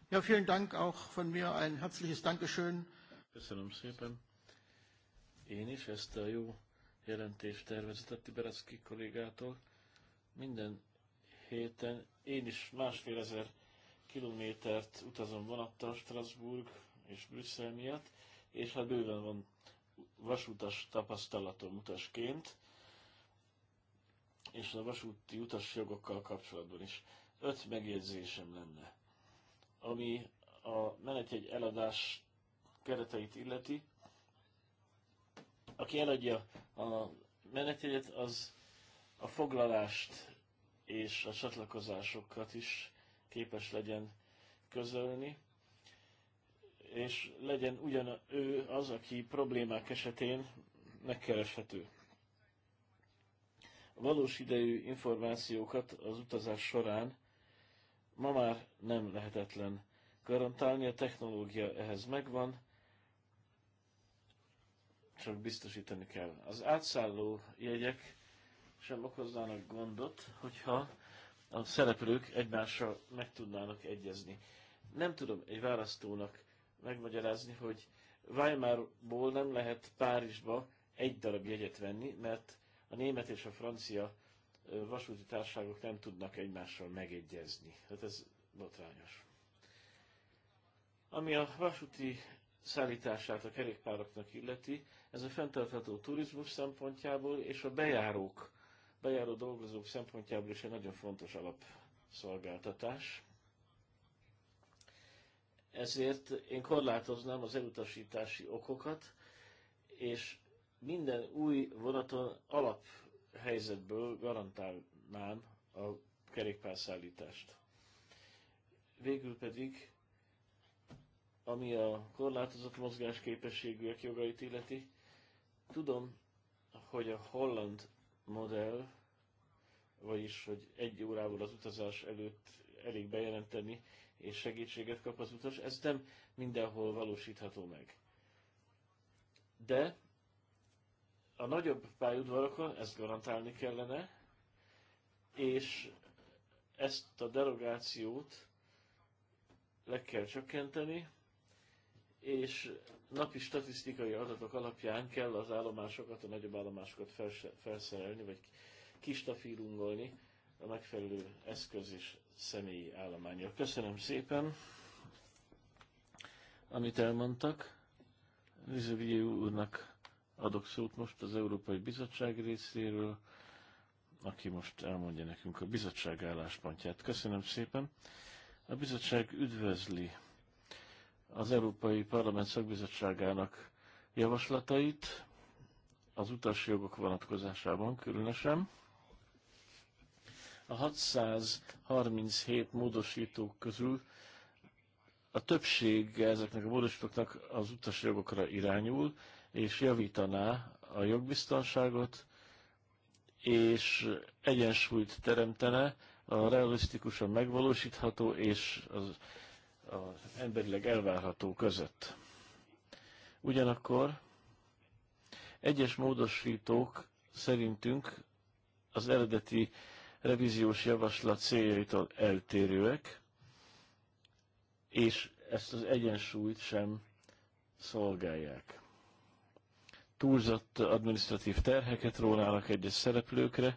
Ja, vielen Dank auch von mir ein herzliches Dankeschön Köszönöm szépen. Én is ezt a jó jelentést a Tiberecki kollégától. Minden héten én is másfél ezer kilométert utazom vonattal Strasbourg és Brüsszel miatt, és hát bőven van vasútas tapasztalatom utasként, és a vasúti utasjogokkal kapcsolatban is. Öt megjegyzésem lenne, ami a menetjegy eladást kereteit illeti, aki eladja a menetjegyet, az a foglalást és a csatlakozásokat is képes legyen közölni, és legyen ugyan ő az, aki problémák esetén megkereshető. A valós idejű információkat az utazás során ma már nem lehetetlen garantálni, a technológia ehhez megvan, csak biztosítani kell. Az átszálló jegyek sem okoznának gondot, hogyha a szereplők egymással meg tudnának egyezni. Nem tudom egy választónak megmagyarázni, hogy Weimarból nem lehet Párizsba egy darab jegyet venni, mert a német és a francia vasúti társágok nem tudnak egymással megegyezni. Hát ez botrányos. Ami a vasúti szállítását a kerékpároknak illeti, ez a fenntartható turizmus szempontjából és a bejárók, bejáró dolgozók szempontjából is egy nagyon fontos alapszolgáltatás. Ezért én korlátoznám az elutasítási okokat, és minden új vonaton alaphelyzetből garantálnám a kerékpárszállítást. Végül pedig ami a korlátozott mozgásképességűek jogait illeti. Tudom, hogy a holland modell, vagyis hogy egy órával az utazás előtt elég bejelenteni, és segítséget kap az utas, ez nem mindenhol valósítható meg. De a nagyobb pályaudvarokon ezt garantálni kellene, és ezt a derogációt le kell csökkenteni, és napi statisztikai adatok alapján kell az állomásokat, a nagyobb állomásokat felszerelni, vagy kistafírungolni a megfelelő eszköz és személyi állományra. Köszönöm szépen, amit elmondtak. Vizövigyi úrnak adok szót most az Európai Bizottság részéről, aki most elmondja nekünk a bizottság álláspontját. Köszönöm szépen. A bizottság üdvözli az Európai Parlament szakbizottságának javaslatait, az utasjogok vonatkozásában különösen. A 637 módosítók közül a többség ezeknek a módosítóknak az utasjogokra irányul, és javítaná a jogbiztonságot, és egyensúlyt teremtene a realisztikusan megvalósítható és az az emberileg elvárható között. Ugyanakkor egyes módosítók szerintünk az eredeti revíziós javaslat céljaitól eltérőek, és ezt az egyensúlyt sem szolgálják. Túlzott administratív terheket rónálnak egyes szereplőkre,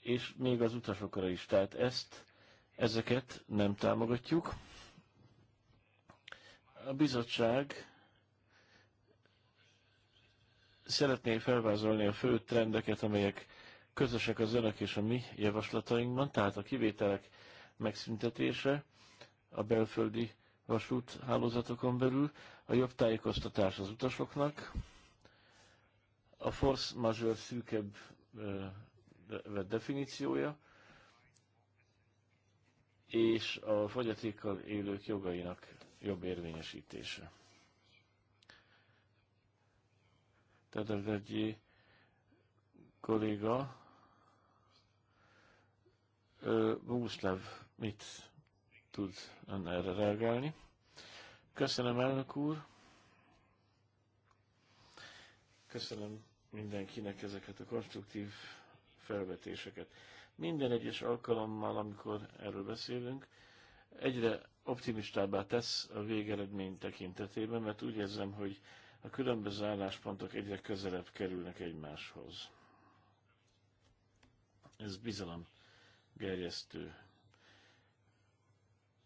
és még az utasokra is. Tehát ezt, ezeket nem támogatjuk. A bizottság szeretné felvázolni a fő trendeket, amelyek közösek az önök és a mi javaslatainkban, tehát a kivételek megszüntetése a belföldi vasúthálózatokon belül, a jobb tájékoztatás az utasoknak, a force majeure szűkebb definíciója, és a fogyatékkal élők jogainak jobb érvényesítése. Tehát egy kolléga Búszlev mit tud ön erre reagálni? Köszönöm, elnök úr! Köszönöm mindenkinek ezeket a konstruktív felvetéseket. Minden egyes alkalommal, amikor erről beszélünk, egyre optimistábbá tesz a végeredmény tekintetében, mert úgy érzem, hogy a különböző álláspontok egyre közelebb kerülnek egymáshoz. Ez bizalom gerjesztő.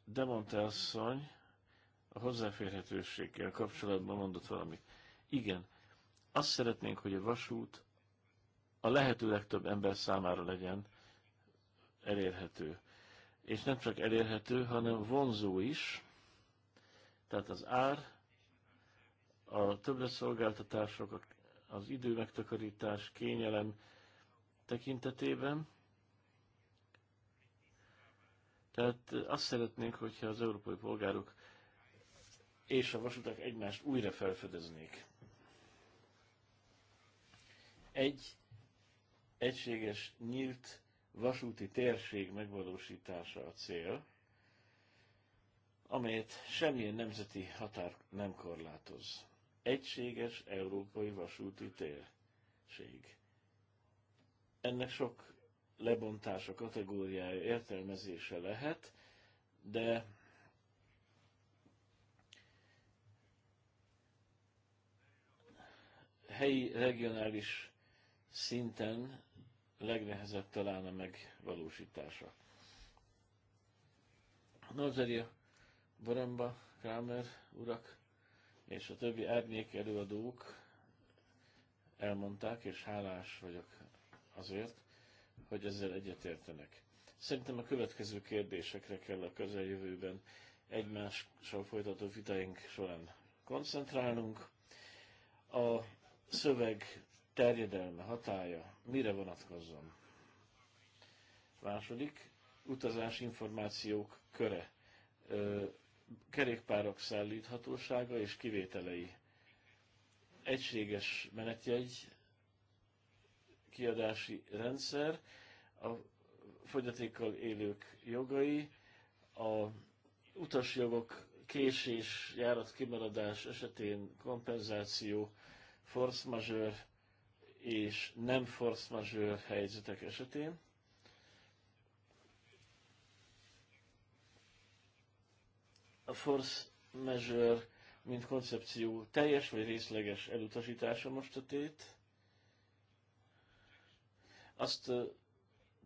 De mondta asszony a hozzáférhetőséggel kapcsolatban mondott valamit. Igen, azt szeretnénk, hogy a vasút a lehető legtöbb ember számára legyen elérhető és nem csak elérhető, hanem vonzó is, tehát az ár, a többletszolgáltatások, az idő megtakarítás, kényelem tekintetében. Tehát azt szeretnénk, hogyha az európai polgárok és a vasutak egymást újra felfedeznék. Egy egységes, nyílt vasúti térség megvalósítása a cél, amelyet semmilyen nemzeti határ nem korlátoz. Egységes európai vasúti térség. Ennek sok lebontása, kategóriája, értelmezése lehet, de helyi, regionális szinten legnehezebb talán a megvalósítása. Nozeria, Baramba, Kramer, urak és a többi árnyék előadók elmondták, és hálás vagyok azért, hogy ezzel egyetértenek. Szerintem a következő kérdésekre kell a közeljövőben egymással folytató vitaink során koncentrálnunk. A szöveg terjedelme, hatája, mire vonatkozzon. Második, utazási információk köre, ö, kerékpárok szállíthatósága és kivételei, egységes menetjegy kiadási rendszer, a fogyatékkal élők jogai, a utasjogok késés, járat kimaradás esetén kompenzáció, force majeure, és nem force majeure helyzetek esetén. A force majeure, mint koncepció teljes vagy részleges elutasítása most a tét. Azt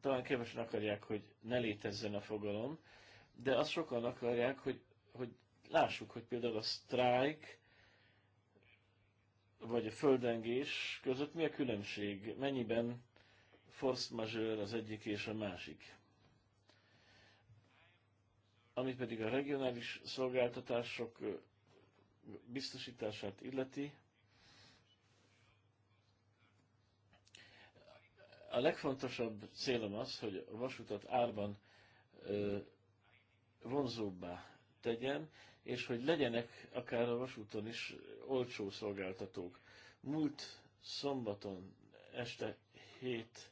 talán kevesen akarják, hogy ne létezzen a fogalom, de azt sokan akarják, hogy, hogy lássuk, hogy például a strike vagy a földengés között mi a különbség? Mennyiben force majeure az egyik és a másik? Ami pedig a regionális szolgáltatások biztosítását illeti, a legfontosabb célom az, hogy a vasutat árban vonzóbbá tegyen, és hogy legyenek akár a vasúton is olcsó szolgáltatók. Múlt szombaton este 7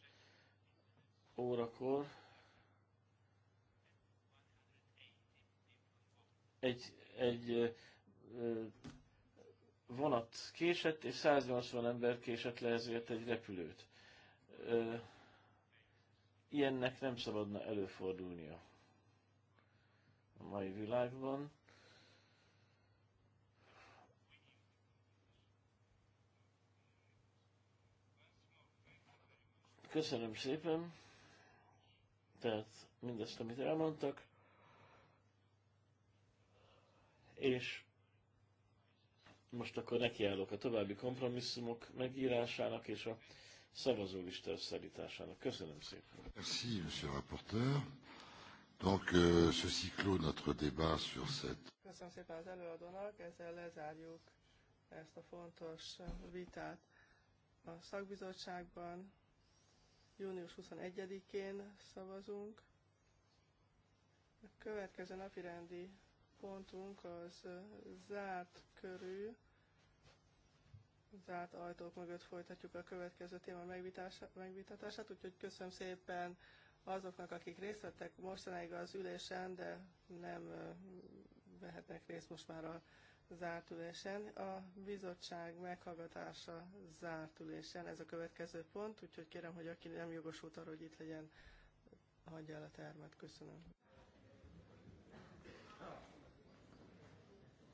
órakor egy, egy vonat késett, és 180 ember késett le ezért egy repülőt. Ilyennek nem szabadna előfordulnia a mai világban. Köszönöm szépen, tehát mindezt, amit elmondtak, és most akkor nekiállok a további kompromisszumok megírásának és a szavazólista összeállításának. Köszönöm szépen. Merci, monsieur rapporteur. Donc, euh, ceci clôt notre débat sur cette... Köszönöm szépen az előadónak, ezzel lezárjuk ezt a fontos vitát a szakbizottságban. Június 21-én szavazunk. A következő napi rendi pontunk az zárt körű, zárt ajtók mögött folytatjuk a következő téma megvitatását, úgyhogy köszönöm szépen azoknak, akik részt vettek mostanáig az ülésen, de nem vehetnek részt most már a zárt ülésen. A bizottság meghallgatása zárt ülésen, ez a következő pont, úgyhogy kérem, hogy aki nem jogosult arra, hogy itt legyen, hagyja el a termet. Köszönöm.